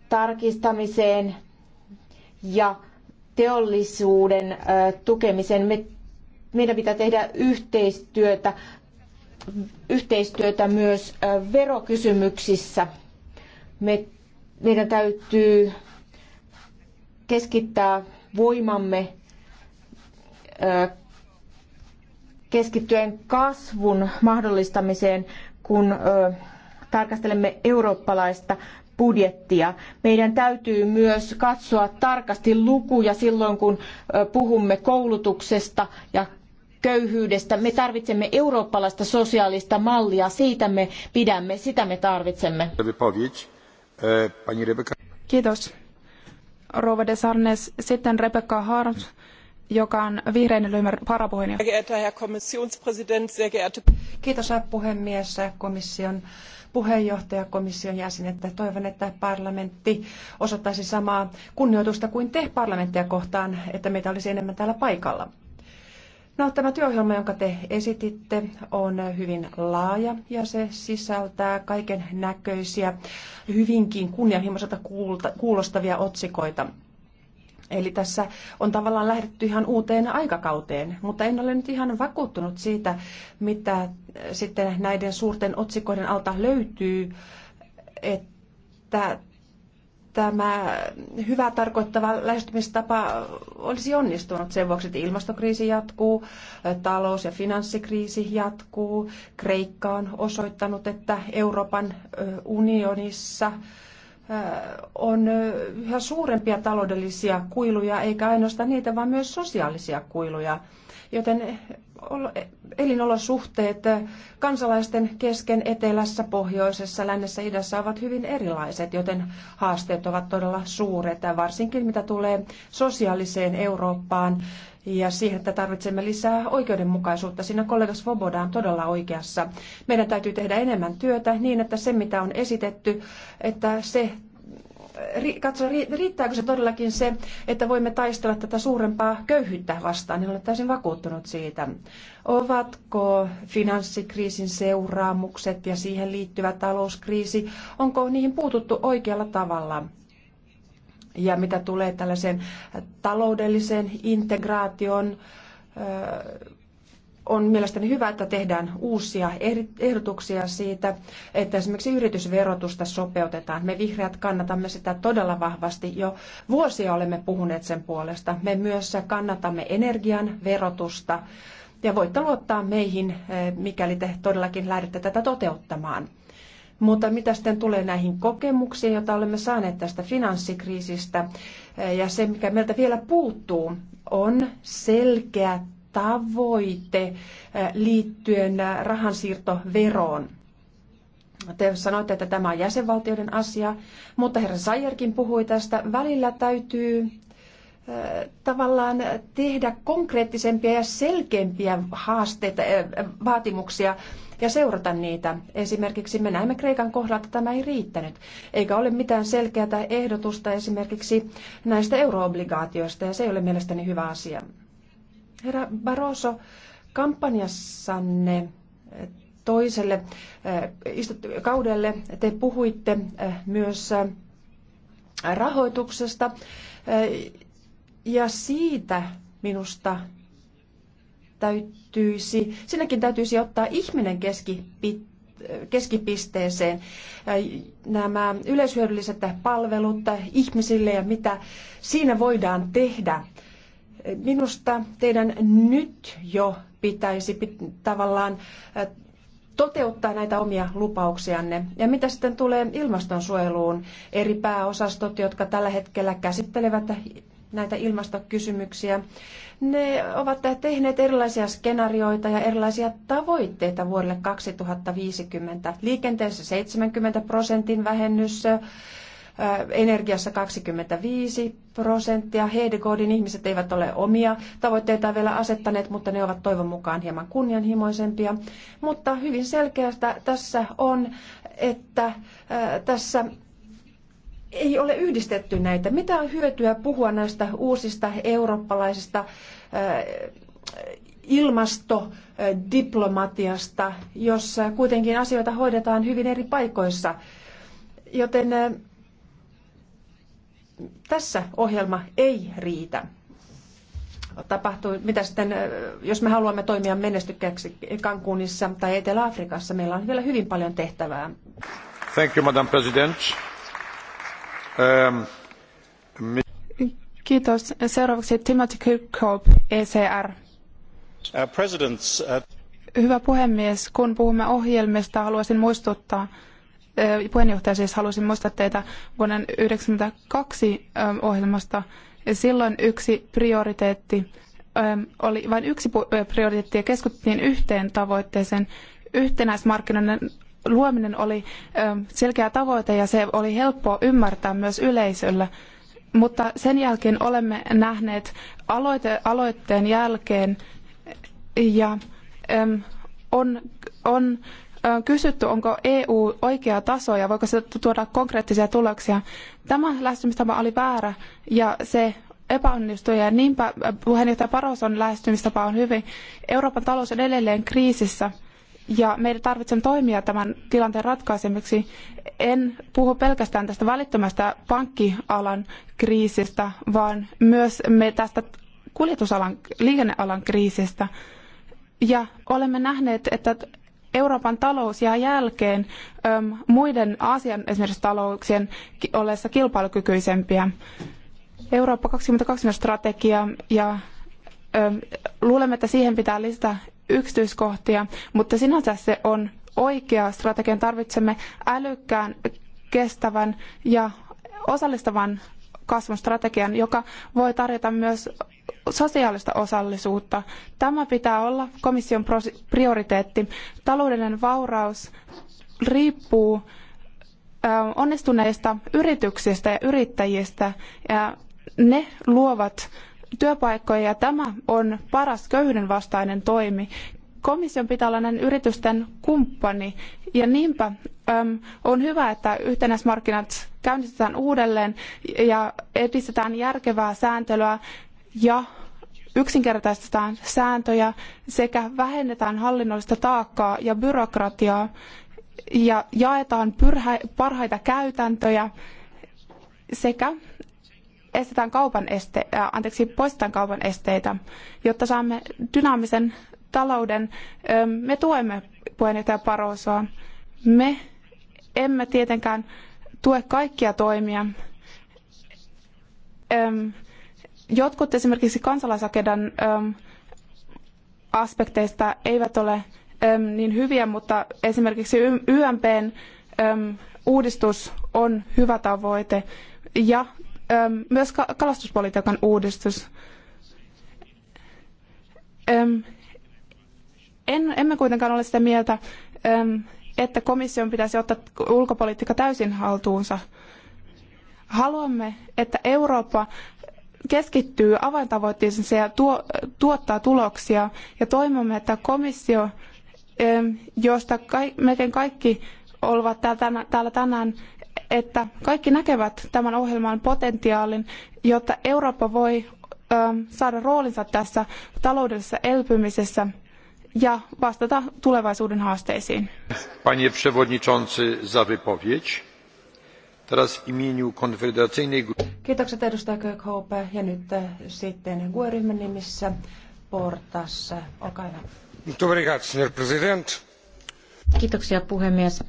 tarkistamiseen ja teollisuuden tukemiseen. Me meidän pitää tehdä yhteistyötä, yhteistyötä myös verokysymyksissä. Me, meidän täytyy keskittää voimamme keskittyen kasvun mahdollistamiseen, kun tarkastelemme eurooppalaista budjettia. Meidän täytyy myös katsoa tarkasti lukuja silloin, kun puhumme koulutuksesta ja köyhyydestä. Me tarvitsemme eurooppalaista sosiaalista mallia. Siitä me pidämme, sitä me tarvitsemme. E, Kiitos. Rouva sitten Rebecca Harms joka on vihreiden ryhmän varapuheenjohtaja. Kiitos puhemies komission puheenjohtaja, komission jäsenet. Toivon, että parlamentti osoittaisi samaa kunnioitusta kuin te parlamenttia kohtaan, että meitä olisi enemmän täällä paikalla. No, tämä työohjelma, jonka te esititte, on hyvin laaja ja se sisältää kaiken näköisiä hyvinkin kunnianhimoiselta kuulostavia otsikoita. Eli tässä on tavallaan lähdetty ihan uuteen aikakauteen, mutta en ole nyt ihan vakuuttunut siitä, mitä sitten näiden suurten otsikoiden alta löytyy, että tämä hyvä tarkoittava lähestymistapa olisi onnistunut sen vuoksi, että ilmastokriisi jatkuu, talous- ja finanssikriisi jatkuu. Kreikka on osoittanut, että Euroopan unionissa – on yhä suurempia taloudellisia kuiluja, eikä ainoastaan niitä, vaan myös sosiaalisia kuiluja. Joten elinolosuhteet kansalaisten kesken etelässä, pohjoisessa, lännessä, idässä ovat hyvin erilaiset, joten haasteet ovat todella suuret, varsinkin mitä tulee sosiaaliseen Eurooppaan, ja siihen, että tarvitsemme lisää oikeudenmukaisuutta. Siinä kollega Svoboda on todella oikeassa. Meidän täytyy tehdä enemmän työtä niin, että se mitä on esitetty, että se Katso, riittääkö se todellakin se, että voimme taistella tätä suurempaa köyhyyttä vastaan. Niin olen täysin vakuuttunut siitä. Ovatko finanssikriisin seuraamukset ja siihen liittyvä talouskriisi, onko niihin puututtu oikealla tavalla? Ja mitä tulee tällaiseen taloudelliseen integraation, on mielestäni hyvä, että tehdään uusia ehdotuksia siitä, että esimerkiksi yritysverotusta sopeutetaan. Me vihreät kannatamme sitä todella vahvasti. Jo vuosia olemme puhuneet sen puolesta. Me myös kannatamme energian verotusta. Ja voitte luottaa meihin, mikäli te todellakin lähdette tätä toteuttamaan. Mutta mitä sitten tulee näihin kokemuksiin, joita olemme saaneet tästä finanssikriisistä, eh, ja se, mikä meiltä vielä puuttuu, on selkeä tavoite eh, liittyen eh, rahansiirtoveroon. Te sanoitte, että tämä on jäsenvaltioiden asia, mutta herra Sajerkin puhui tästä. Välillä täytyy tavallaan tehdä konkreettisempia ja selkeämpiä haasteita, vaatimuksia ja seurata niitä. Esimerkiksi me näemme Kreikan kohdalla, että tämä ei riittänyt, eikä ole mitään selkeää ehdotusta esimerkiksi näistä euroobligaatioista, ja se ei ole mielestäni hyvä asia. Herra Barroso, kampanjassanne eh, toiselle eh, kaudelle te puhuitte eh, myös rahoituksesta ja siitä minusta täytyisi, sinnekin täytyisi ottaa ihminen keskipit, keskipisteeseen nämä yleishyödylliset palvelut ihmisille ja mitä siinä voidaan tehdä. Minusta teidän nyt jo pitäisi tavallaan toteuttaa näitä omia lupauksianne. Ja mitä sitten tulee ilmastonsuojeluun, eri pääosastot, jotka tällä hetkellä käsittelevät näitä ilmastokysymyksiä. Ne ovat tehneet erilaisia skenaarioita ja erilaisia tavoitteita vuodelle 2050. Liikenteessä 70 prosentin vähennys, energiassa 25 prosenttia. Hedegodin ihmiset eivät ole omia tavoitteita vielä asettaneet, mutta ne ovat toivon mukaan hieman kunnianhimoisempia. Mutta hyvin selkeästä tässä on, että tässä ei ole yhdistetty näitä. Mitä on hyötyä puhua näistä uusista eurooppalaisista äh, ilmastodiplomatiasta, jos kuitenkin asioita hoidetaan hyvin eri paikoissa. Joten äh, tässä ohjelma ei riitä. Tapahtuu, mitä sitten, äh, jos me haluamme toimia menestykkäksi Cancunissa tai Etelä-Afrikassa, meillä on vielä hyvin paljon tehtävää. Thank you, Madam President. Ähm, Kiitos. Seuraavaksi Timothy Kirkhope, ECR. Uh, uh, Hyvä puhemies, kun puhumme ohjelmista, haluaisin muistuttaa, äh, puheenjohtaja siis halusin muistaa teitä vuoden 1992 ähm, ohjelmasta. Silloin yksi prioriteetti ähm, oli vain yksi äh, prioriteetti ja keskityttiin yhteen tavoitteeseen. Yhtenäismarkkinoiden luominen oli selkeä tavoite ja se oli helppo ymmärtää myös yleisölle. Mutta sen jälkeen olemme nähneet aloite, aloitteen jälkeen ja on, on kysytty, onko EU oikea taso ja voiko se tuoda konkreettisia tuloksia. Tämä lähestymistapa oli väärä ja se epäonnistui ja niinpä puheenjohtaja Paroson lähestymistapa on hyvin. Euroopan talous on edelleen kriisissä ja meidän tarvitsemme toimia tämän tilanteen ratkaisemiseksi. En puhu pelkästään tästä välittömästä pankkialan kriisistä, vaan myös me tästä kuljetusalan, liikennealan kriisistä. Ja olemme nähneet, että Euroopan talous jää jälkeen muiden Aasian esimerkiksi talouksien ollessa kilpailukykyisempiä. Eurooppa 2020 strategia ja luulemme, että siihen pitää lisätä yksityiskohtia, mutta sinänsä se on oikea strategian. Tarvitsemme älykkään, kestävän ja osallistavan kasvun strategian, joka voi tarjota myös sosiaalista osallisuutta. Tämä pitää olla komission prioriteetti. Taloudellinen vauraus riippuu onnistuneista yrityksistä ja yrittäjistä ja ne luovat työpaikkoja ja tämä on paras köyhyyden vastainen toimi. Komission pitää olla näiden yritysten kumppani ja niinpä on hyvä, että yhtenäismarkkinat käynnistetään uudelleen ja edistetään järkevää sääntelyä ja yksinkertaistetaan sääntöjä sekä vähennetään hallinnollista taakkaa ja byrokratiaa ja jaetaan parhaita käytäntöjä sekä estetään kaupan este, äh, anteeksi, poistetaan kaupan esteitä, jotta saamme dynaamisen talouden. Ähm, me tuemme puheenjohtaja Parosoa. Me emme tietenkään tue kaikkia toimia. Ähm, jotkut esimerkiksi kansalaisakedan ähm, aspekteista eivät ole niin hyviä, mutta esimerkiksi YMPn uudistus on hyvä tavoite ja myös kalastuspolitiikan uudistus. En, emme kuitenkaan ole sitä mieltä, että komission pitäisi ottaa ulkopolitiikka täysin haltuunsa. Haluamme, että Eurooppa keskittyy avaintavoitteisiinsa ja tuo, tuottaa tuloksia ja toivomme, että komissio, josta melkein kaikki ovat täällä tänään että kaikki näkevät tämän ohjelman potentiaalin, jotta Eurooppa voi saada roolinsa tässä taloudellisessa elpymisessä ja vastata tulevaisuuden haasteisiin. Panie przewodniczący za wypowiedź. Teraz w imieniu konfederacyjnej... Kiitokset edustaja Kökhope ja nyt e, sitten GUE-ryhmän nimissä Portas. Olkaa hyvä. Kiitoksia puhemies.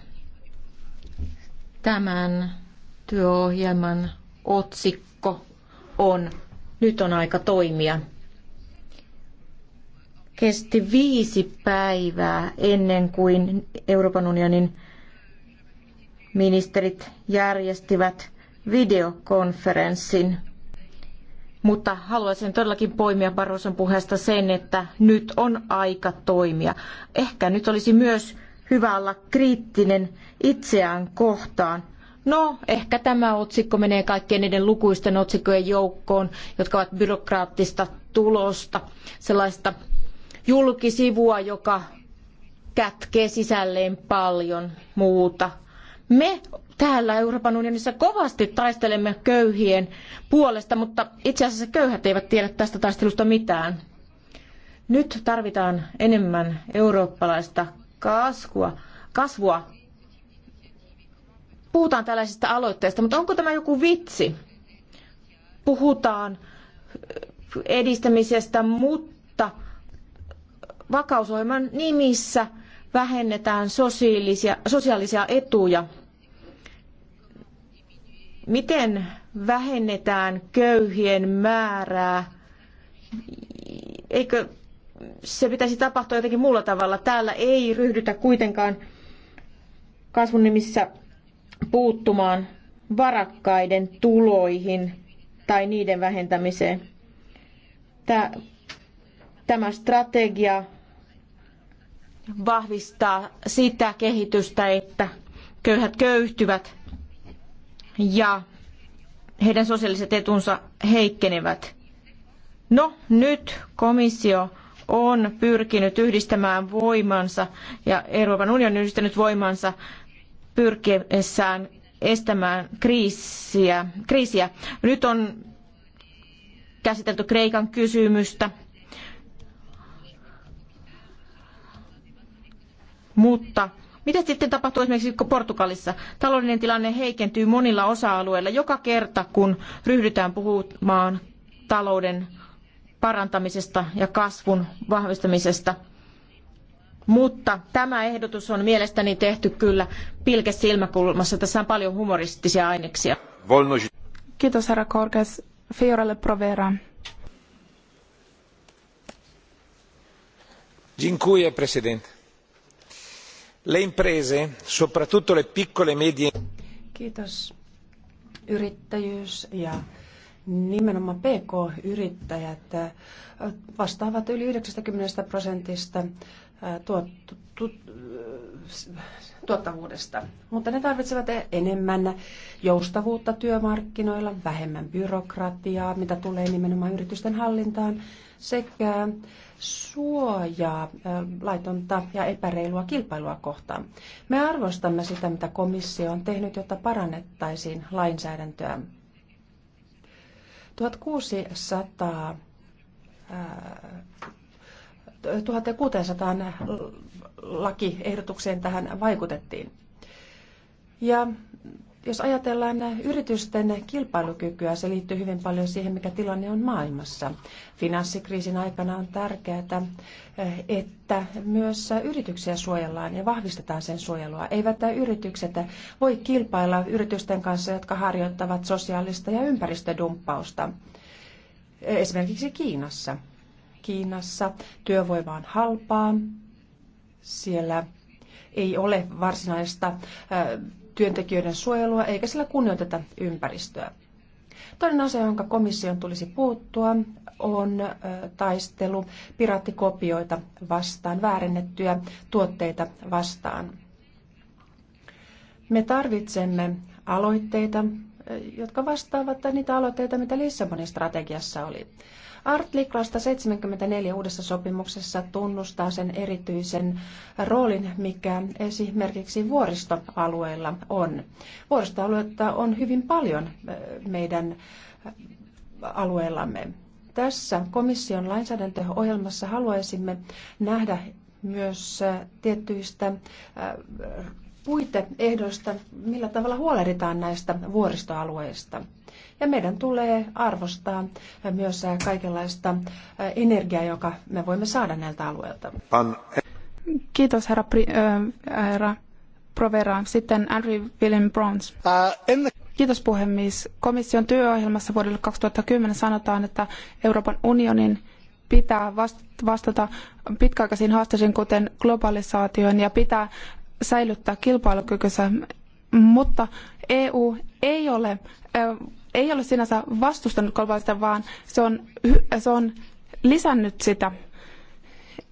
Tämän työohjelman otsikko on Nyt on aika toimia. Kesti viisi päivää ennen kuin Euroopan unionin ministerit järjestivät videokonferenssin mutta haluaisin todellakin poimia Barroson puheesta sen, että nyt on aika toimia. Ehkä nyt olisi myös hyvä olla kriittinen itseään kohtaan. No, ehkä tämä otsikko menee kaikkien niiden lukuisten otsikkojen joukkoon, jotka ovat byrokraattista tulosta, sellaista julkisivua, joka kätkee sisälleen paljon muuta. Me täällä Euroopan unionissa kovasti taistelemme köyhien puolesta, mutta itse asiassa köyhät eivät tiedä tästä taistelusta mitään. Nyt tarvitaan enemmän eurooppalaista kasvua. kasvua. Puhutaan tällaisista aloitteista, mutta onko tämä joku vitsi? Puhutaan edistämisestä, mutta vakausohjelman nimissä vähennetään sosiaalisia, sosiaalisia etuja. Miten vähennetään köyhien määrää? Eikö se pitäisi tapahtua jotenkin muulla tavalla. Täällä ei ryhdytä kuitenkaan kasvun nimissä puuttumaan varakkaiden tuloihin tai niiden vähentämiseen. Tämä strategia vahvistaa sitä kehitystä, että köyhät köyhtyvät ja heidän sosiaaliset etunsa heikkenevät. No nyt komissio on pyrkinyt yhdistämään voimansa ja Euroopan unioni on yhdistänyt voimansa pyrkiessään estämään kriisiä. kriisiä. Nyt on käsitelty Kreikan kysymystä, mutta mitä sitten tapahtuu esimerkiksi Portugalissa? Taloudellinen tilanne heikentyy monilla osa-alueilla joka kerta, kun ryhdytään puhumaan talouden parantamisesta ja kasvun vahvistamisesta. Mutta tämä ehdotus on mielestäni tehty kyllä pilke silmäkulmassa. Tässä on paljon humoristisia aineksia. Kiitos herra Korkes. Fiorelle Provera. Dziękuję, presidente. Le imprese, soprattutto le piccole e medie... Kiitos. Yrittäjyys ja nimenomaan PK-yrittäjät äh, vastaavat yli 90 prosentista äh, äh, tuottavuudesta, mutta ne tarvitsevat enemmän joustavuutta työmarkkinoilla, vähemmän byrokratiaa, mitä tulee nimenomaan yritysten hallintaan, sekä suojaa laitonta ja epäreilua kilpailua kohtaan. Me arvostamme sitä, mitä komissio on tehnyt, jotta parannettaisiin lainsäädäntöä 1600 1600 lakiehdotukseen tähän vaikutettiin. Ja jos ajatellaan yritysten kilpailukykyä, se liittyy hyvin paljon siihen, mikä tilanne on maailmassa. Finanssikriisin aikana on tärkeää, että myös yrityksiä suojellaan ja vahvistetaan sen suojelua. Eivät yritykset voi kilpailla yritysten kanssa, jotka harjoittavat sosiaalista ja ympäristödumppausta, esimerkiksi Kiinassa. Kiinassa työvoima on halpaa, siellä ei ole varsinaista työntekijöiden suojelua eikä sillä kunnioiteta ympäristöä. Toinen asia, jonka komission tulisi puuttua, on taistelu piraattikopioita vastaan, väärennettyjä tuotteita vastaan. Me tarvitsemme aloitteita, jotka vastaavat niitä aloitteita, mitä Lissabonin strategiassa oli. Artikla 174 uudessa sopimuksessa tunnustaa sen erityisen roolin, mikä esimerkiksi vuoristoalueilla on. Vuoristoalueita on hyvin paljon meidän alueellamme. Tässä komission lainsäädäntöohjelmassa haluaisimme nähdä myös tiettyistä puiteehdoista, millä tavalla huolehditaan näistä vuoristoalueista. Ja meidän tulee arvostaa myös kaikenlaista energiaa, joka me voimme saada näiltä alueilta. Kiitos herra, Pri, äh, herra Provera. Sitten Andrew William Browns. Äh, Kiitos puhemies. Komission työohjelmassa vuodelle 2010 sanotaan, että Euroopan unionin pitää vastata pitkäaikaisiin haasteisiin, kuten globalisaatioon, ja pitää säilyttää kilpailukykynsä. Mutta EU ei ole ei ole sinänsä vastustanut globaalista, vaan se on, se on lisännyt sitä.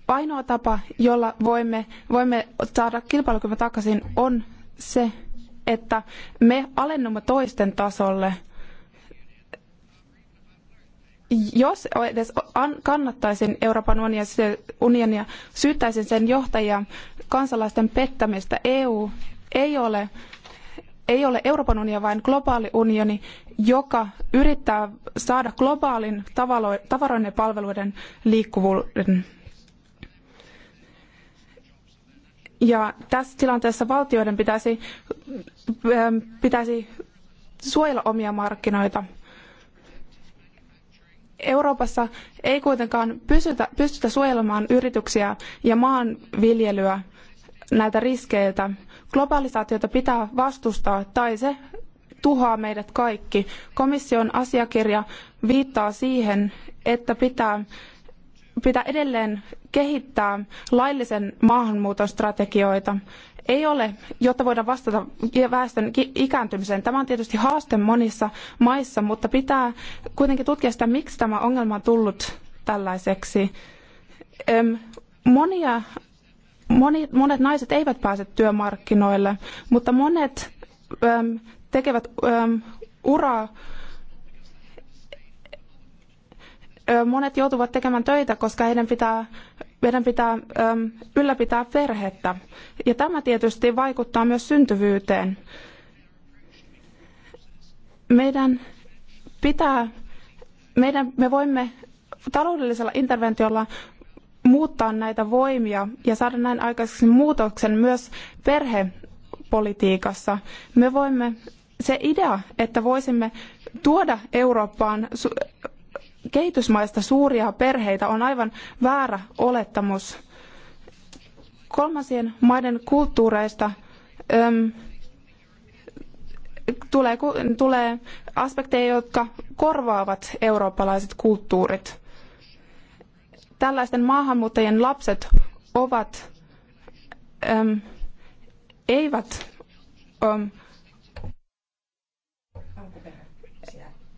Ainoa tapa, jolla voimme, voimme saada kilpailukyvyn takaisin, on se, että me alennumme toisten tasolle. Jos edes kannattaisin Euroopan unionia, syyttäisin sen johtajia kansalaisten pettämistä. EU ei ole ei ole Euroopan unioni, vaan globaali unioni, joka yrittää saada globaalin tavaroiden ja palveluiden liikkuvuuden. Ja tässä tilanteessa valtioiden pitäisi, ähm, pitäisi suojella omia markkinoita. Euroopassa ei kuitenkaan pysytä, pystytä suojelemaan yrityksiä ja maanviljelyä näiltä riskeiltä. Globalisaatiota pitää vastustaa tai se tuhoaa meidät kaikki. Komission asiakirja viittaa siihen, että pitää, pitää edelleen kehittää laillisen maahanmuuton strategioita. Ei ole, jotta voidaan vastata väestön ikääntymiseen. Tämä on tietysti haaste monissa maissa, mutta pitää kuitenkin tutkia sitä, miksi tämä ongelma on tullut tällaiseksi. Monia Moni, monet naiset eivät pääse työmarkkinoille, mutta monet äm, tekevät äm, uraa äh, monet joutuvat tekemään töitä, koska heidän pitää, heidän pitää ähm, ylläpitää perhettä. Ja tämä tietysti vaikuttaa myös syntyvyyteen. Meidän pitää, meidän, me voimme taloudellisella interventiolla muuttaa näitä voimia ja saada näin aikaiseksi muutoksen myös perhepolitiikassa. Me voimme, se idea, että voisimme tuoda Eurooppaan kehitysmaista suuria perheitä on aivan väärä olettamus. Kolmansien maiden kulttuureista tulee, tulee aspekteja, jotka korvaavat eurooppalaiset kulttuurit tällaisten maahanmuuttajien lapset ovat, äm, eivät, äm,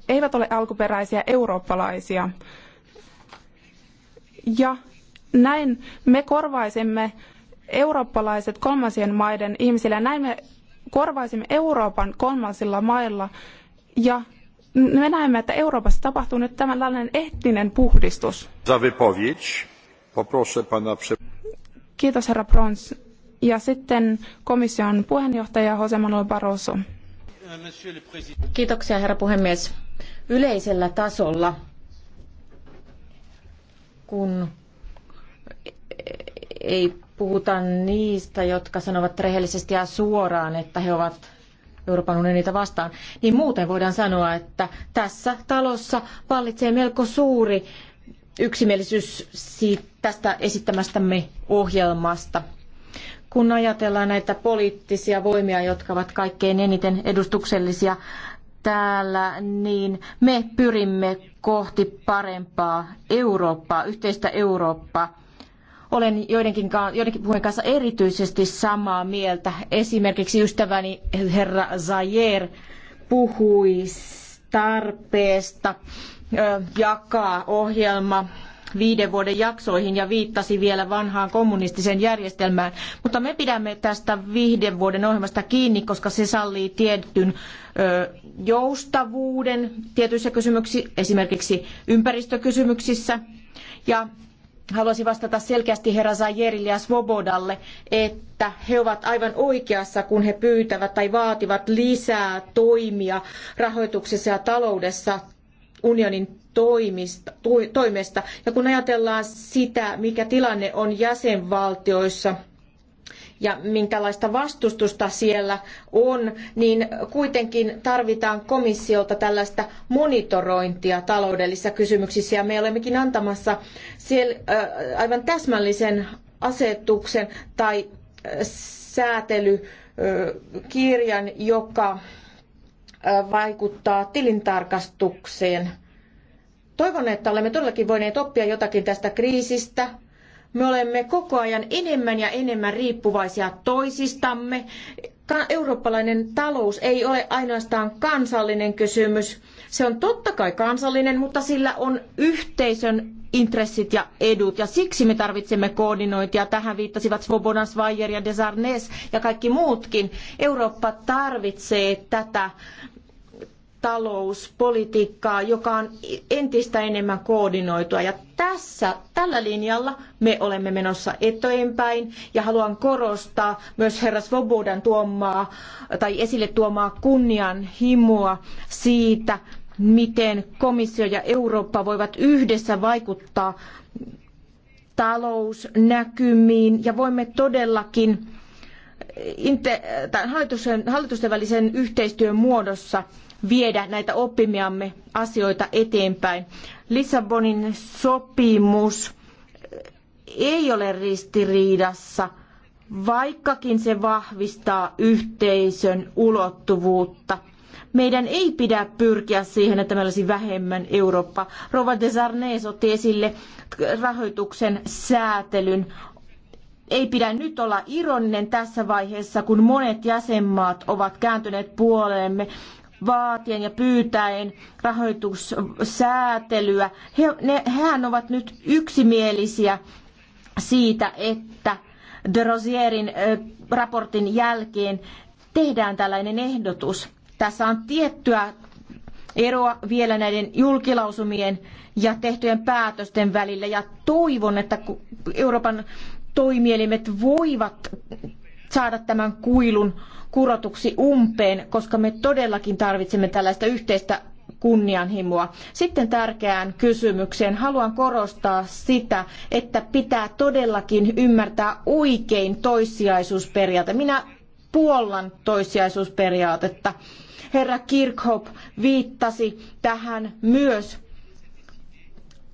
eivät ole alkuperäisiä eurooppalaisia. Ja näin me korvaisimme eurooppalaiset kolmansien maiden ihmisille ja näin me korvaisimme Euroopan kolmansilla mailla ja me näemme, että Euroopassa tapahtuu nyt tällainen etninen puhdistus. Kiitos herra Brons. Ja sitten komission puheenjohtaja Jose Manuel Barroso. Kiitoksia herra puhemies. Yleisellä tasolla, kun ei puhuta niistä, jotka sanovat rehellisesti ja suoraan, että he ovat Euroopan unionita vastaan, niin muuten voidaan sanoa, että tässä talossa vallitsee melko suuri yksimielisyys siitä, tästä esittämästämme ohjelmasta. Kun ajatellaan näitä poliittisia voimia, jotka ovat kaikkein eniten edustuksellisia täällä, niin me pyrimme kohti parempaa Eurooppaa, yhteistä Eurooppaa olen joidenkin, joidenkin puheen kanssa erityisesti samaa mieltä. Esimerkiksi ystäväni herra Zajer puhui tarpeesta jakaa ohjelma viiden vuoden jaksoihin ja viittasi vielä vanhaan kommunistiseen järjestelmään. Mutta me pidämme tästä viiden vuoden ohjelmasta kiinni, koska se sallii tietyn joustavuuden tietyissä kysymyksissä, esimerkiksi ympäristökysymyksissä. Ja haluaisin vastata selkeästi herra Zajerille ja Svobodalle, että he ovat aivan oikeassa, kun he pyytävät tai vaativat lisää toimia rahoituksessa ja taloudessa unionin toimista, toimesta. Ja kun ajatellaan sitä, mikä tilanne on jäsenvaltioissa – ja minkälaista vastustusta siellä on, niin kuitenkin tarvitaan komissiolta tällaista monitorointia taloudellisissa kysymyksissä ja me olemmekin antamassa siellä, äh, aivan täsmällisen asetuksen tai äh, säätelykirjan, joka äh, vaikuttaa tilintarkastukseen. Toivon, että olemme todellakin voineet oppia jotakin tästä kriisistä me olemme koko ajan enemmän ja enemmän riippuvaisia toisistamme. Eurooppalainen talous ei ole ainoastaan kansallinen kysymys. Se on totta kai kansallinen, mutta sillä on yhteisön intressit ja edut. Ja siksi me tarvitsemme koordinointia. Tähän viittasivat Svobodan, Svajer ja Desarnes ja kaikki muutkin. Eurooppa tarvitsee tätä talouspolitiikkaa, joka on entistä enemmän koordinoitua. Ja tässä, tällä linjalla me olemme menossa eteenpäin ja haluan korostaa myös herra Svobodan tuomaa tai esille tuomaa kunnianhimoa siitä, miten komissio ja Eurooppa voivat yhdessä vaikuttaa talousnäkymiin ja voimme todellakin hallitusten, hallitusten välisen yhteistyön muodossa – viedä näitä oppimiamme asioita eteenpäin. Lissabonin sopimus ei ole ristiriidassa, vaikkakin se vahvistaa yhteisön ulottuvuutta. Meidän ei pidä pyrkiä siihen, että meillä olisi vähemmän Eurooppa. Rova Desarnes otti esille rahoituksen säätelyn ei pidä nyt olla ironinen tässä vaiheessa, kun monet jäsenmaat ovat kääntyneet puoleemme vaatien ja pyytäen rahoitussäätelyä. He, ne, hehän ovat nyt yksimielisiä siitä, että de Rosierin raportin jälkeen tehdään tällainen ehdotus. Tässä on tiettyä eroa vielä näiden julkilausumien ja tehtyjen päätösten välillä ja toivon, että Euroopan toimielimet voivat saada tämän kuilun kurotuksi umpeen, koska me todellakin tarvitsemme tällaista yhteistä kunnianhimoa. Sitten tärkeään kysymykseen haluan korostaa sitä, että pitää todellakin ymmärtää oikein toissijaisuusperiaate. Minä puollan toissijaisuusperiaatetta. Herra Kirchhoff viittasi tähän myös.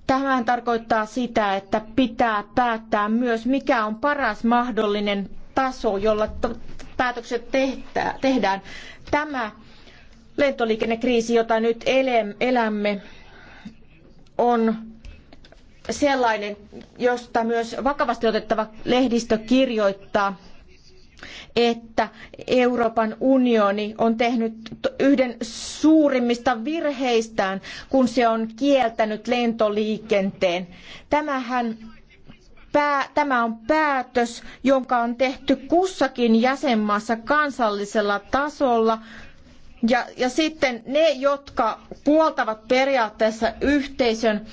Tähän tarkoittaa sitä, että pitää päättää myös, mikä on paras mahdollinen taso, jolla päätökset tehdään. Tämä lentoliikennekriisi, jota nyt elämme, on sellainen, josta myös vakavasti otettava lehdistö kirjoittaa, että Euroopan unioni on tehnyt yhden suurimmista virheistään, kun se on kieltänyt lentoliikenteen. Tämähän pää, tämä on päätös, jonka on tehty kussakin jäsenmaassa kansallisella tasolla. Ja, ja sitten ne, jotka puoltavat periaatteessa yhteisön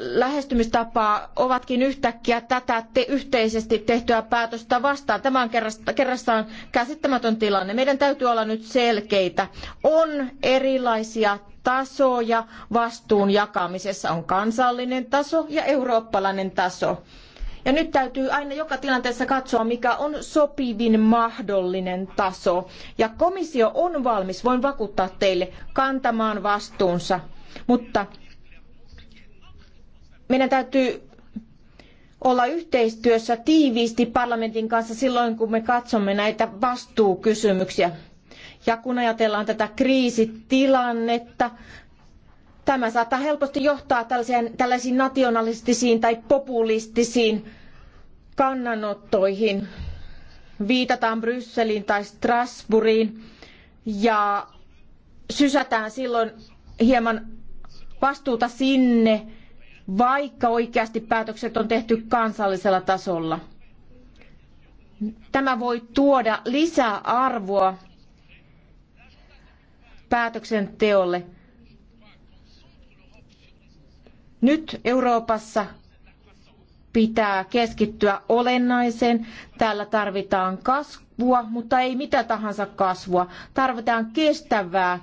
lähestymistapaa, ovatkin yhtäkkiä tätä te, yhteisesti tehtyä päätöstä vastaan. Tämä on kerrassaan käsittämätön tilanne. Meidän täytyy olla nyt selkeitä. On erilaisia tasoja vastuun jakamisessa. On kansallinen taso ja eurooppalainen taso. Ja nyt täytyy aina joka tilanteessa katsoa, mikä on sopivin mahdollinen taso. Ja komissio on valmis, voin vakuuttaa teille, kantamaan vastuunsa. Mutta meidän täytyy olla yhteistyössä tiiviisti parlamentin kanssa silloin, kun me katsomme näitä vastuukysymyksiä. Ja kun ajatellaan tätä kriisitilannetta, Tämä saattaa helposti johtaa tällaisiin, nationalistisiin tai populistisiin kannanottoihin. Viitataan Brysseliin tai Strasbourgiin ja sysätään silloin hieman vastuuta sinne, vaikka oikeasti päätökset on tehty kansallisella tasolla. Tämä voi tuoda lisäarvoa päätöksenteolle. Nyt Euroopassa pitää keskittyä olennaiseen. Täällä tarvitaan kasvua, mutta ei mitä tahansa kasvua. Tarvitaan kestävää,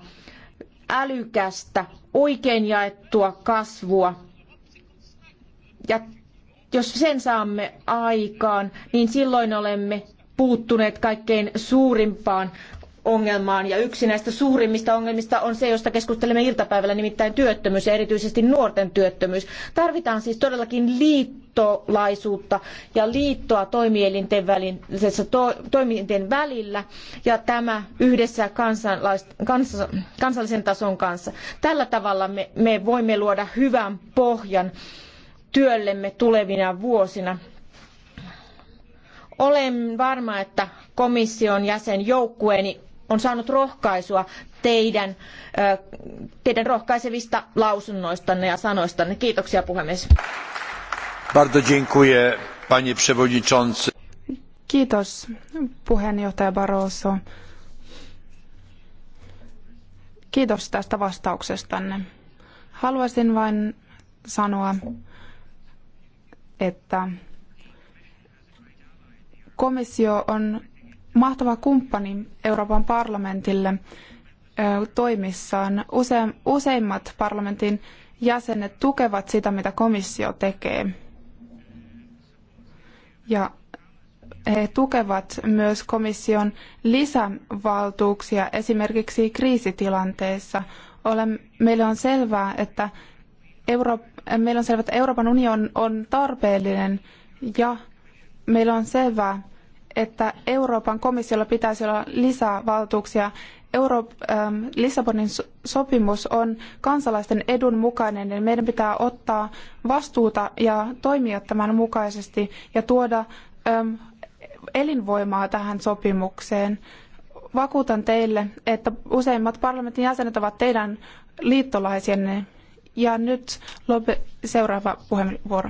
älykästä, oikein jaettua kasvua. Ja jos sen saamme aikaan, niin silloin olemme puuttuneet kaikkein suurimpaan ongelmaan. Ja yksi näistä suurimmista ongelmista on se, josta keskustelemme iltapäivällä, nimittäin työttömyys ja erityisesti nuorten työttömyys. Tarvitaan siis todellakin liittolaisuutta ja liittoa toimielinten, välisessä to, toimielinten välillä ja tämä yhdessä kans, kansallisen tason kanssa. Tällä tavalla me, me voimme luoda hyvän pohjan työllemme tulevina vuosina. Olen varma, että komission jäsen joukkueeni on saanut rohkaisua teidän, teidän rohkaisevista lausunnoistanne ja sanoistanne. Kiitoksia puhemies. Bardzo dziękuję, panie przewodniczący. Kiitos puheenjohtaja Barroso. Kiitos tästä vastauksestanne. Haluaisin vain sanoa, että komissio on mahtava kumppani Euroopan parlamentille toimissaan. useimmat parlamentin jäsenet tukevat sitä, mitä komissio tekee. Ja he tukevat myös komission lisävaltuuksia esimerkiksi kriisitilanteissa. Olen, meille on selvää, että Euro, meillä on selvää, että Euroopan unioni on, on tarpeellinen ja meillä on selvää, että Euroopan komissiolla pitäisi olla lisää valtuuksia. Euro, ähm, Lissabonin sopimus on kansalaisten edun mukainen, niin meidän pitää ottaa vastuuta ja toimia tämän mukaisesti ja tuoda ähm, elinvoimaa tähän sopimukseen. Vakuutan teille, että useimmat parlamentin jäsenet ovat teidän liittolaisienne. Ja nyt lope, seuraava puheenvuoro.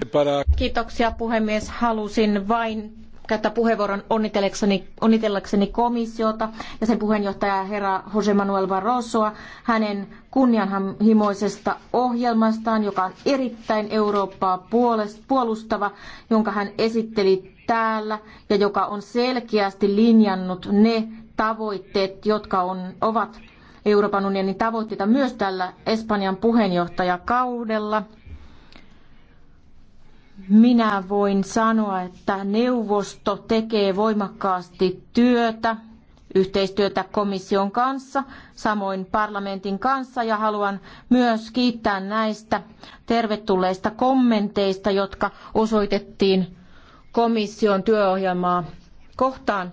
Kiitoksia puhemies. Halusin vain käyttää puheenvuoron onnitellakseni, onnitellakseni komissiota ja sen puheenjohtajaa herra Jose Manuel Barrosoa hänen kunnianhimoisesta ohjelmastaan, joka on erittäin Eurooppaa puolustava, jonka hän esitteli täällä ja joka on selkeästi linjannut ne tavoitteet, jotka on, ovat Euroopan unionin tavoitteita myös tällä Espanjan puheenjohtajakaudella. Minä voin sanoa, että neuvosto tekee voimakkaasti työtä, yhteistyötä komission kanssa, samoin parlamentin kanssa ja haluan myös kiittää näistä tervetulleista kommenteista, jotka osoitettiin komission työohjelmaa kohtaan.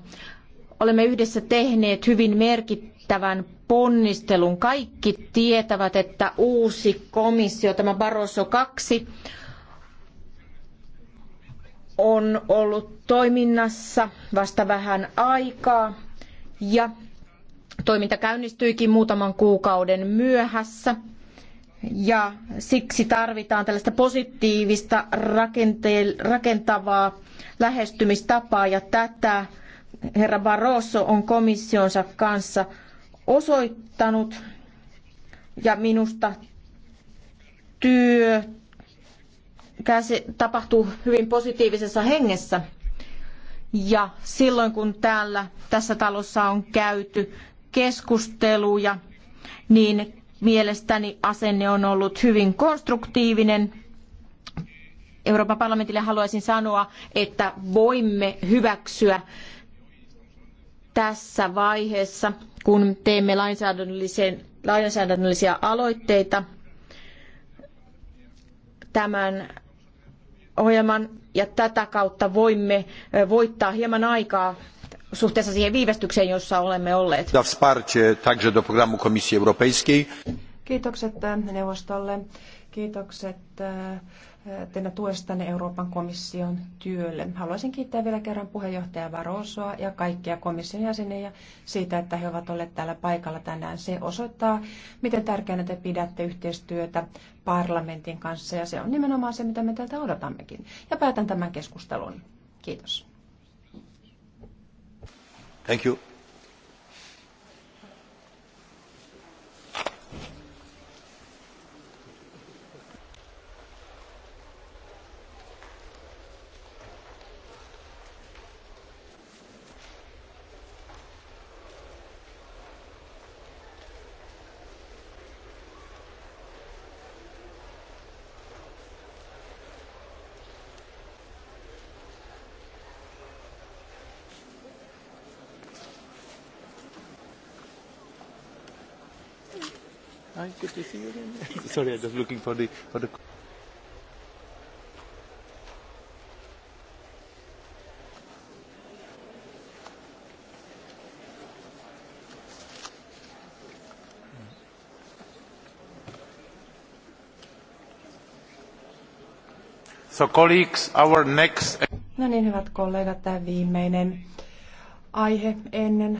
Olemme yhdessä tehneet hyvin merkittävän ponnistelun. Kaikki tietävät, että uusi komissio, tämä Barroso 2, on ollut toiminnassa vasta vähän aikaa ja toiminta käynnistyikin muutaman kuukauden myöhässä. Ja siksi tarvitaan tällaista positiivista rakentavaa lähestymistapaa ja tätä herra Barroso on komissionsa kanssa osoittanut ja minusta työ käsi, tapahtuu hyvin positiivisessa hengessä. Ja silloin kun täällä tässä talossa on käyty keskusteluja, niin mielestäni asenne on ollut hyvin konstruktiivinen. Euroopan parlamentille haluaisin sanoa, että voimme hyväksyä tässä vaiheessa, kun teemme lainsäädännöllisiä aloitteita tämän ohjelman ja tätä kautta voimme voittaa hieman aikaa suhteessa siihen viivästykseen, jossa olemme olleet. Kiitokset e, neuvostolle. Kiitokset e, teidän tuestanne Euroopan komission työlle. Haluaisin kiittää vielä kerran puheenjohtaja Varosoa ja kaikkia komission jäseniä siitä, että he ovat olleet täällä paikalla tänään. Se osoittaa, miten tärkeänä te pidätte yhteistyötä parlamentin kanssa ja se on nimenomaan se, mitä me täältä odotammekin. Ja päätän tämän keskustelun. Kiitos. Thank you. Good to see you again. Sorry, I'm just looking for the for the. So colleagues, our next... No niin, hyvät kollegat, tämä viimeinen aihe ennen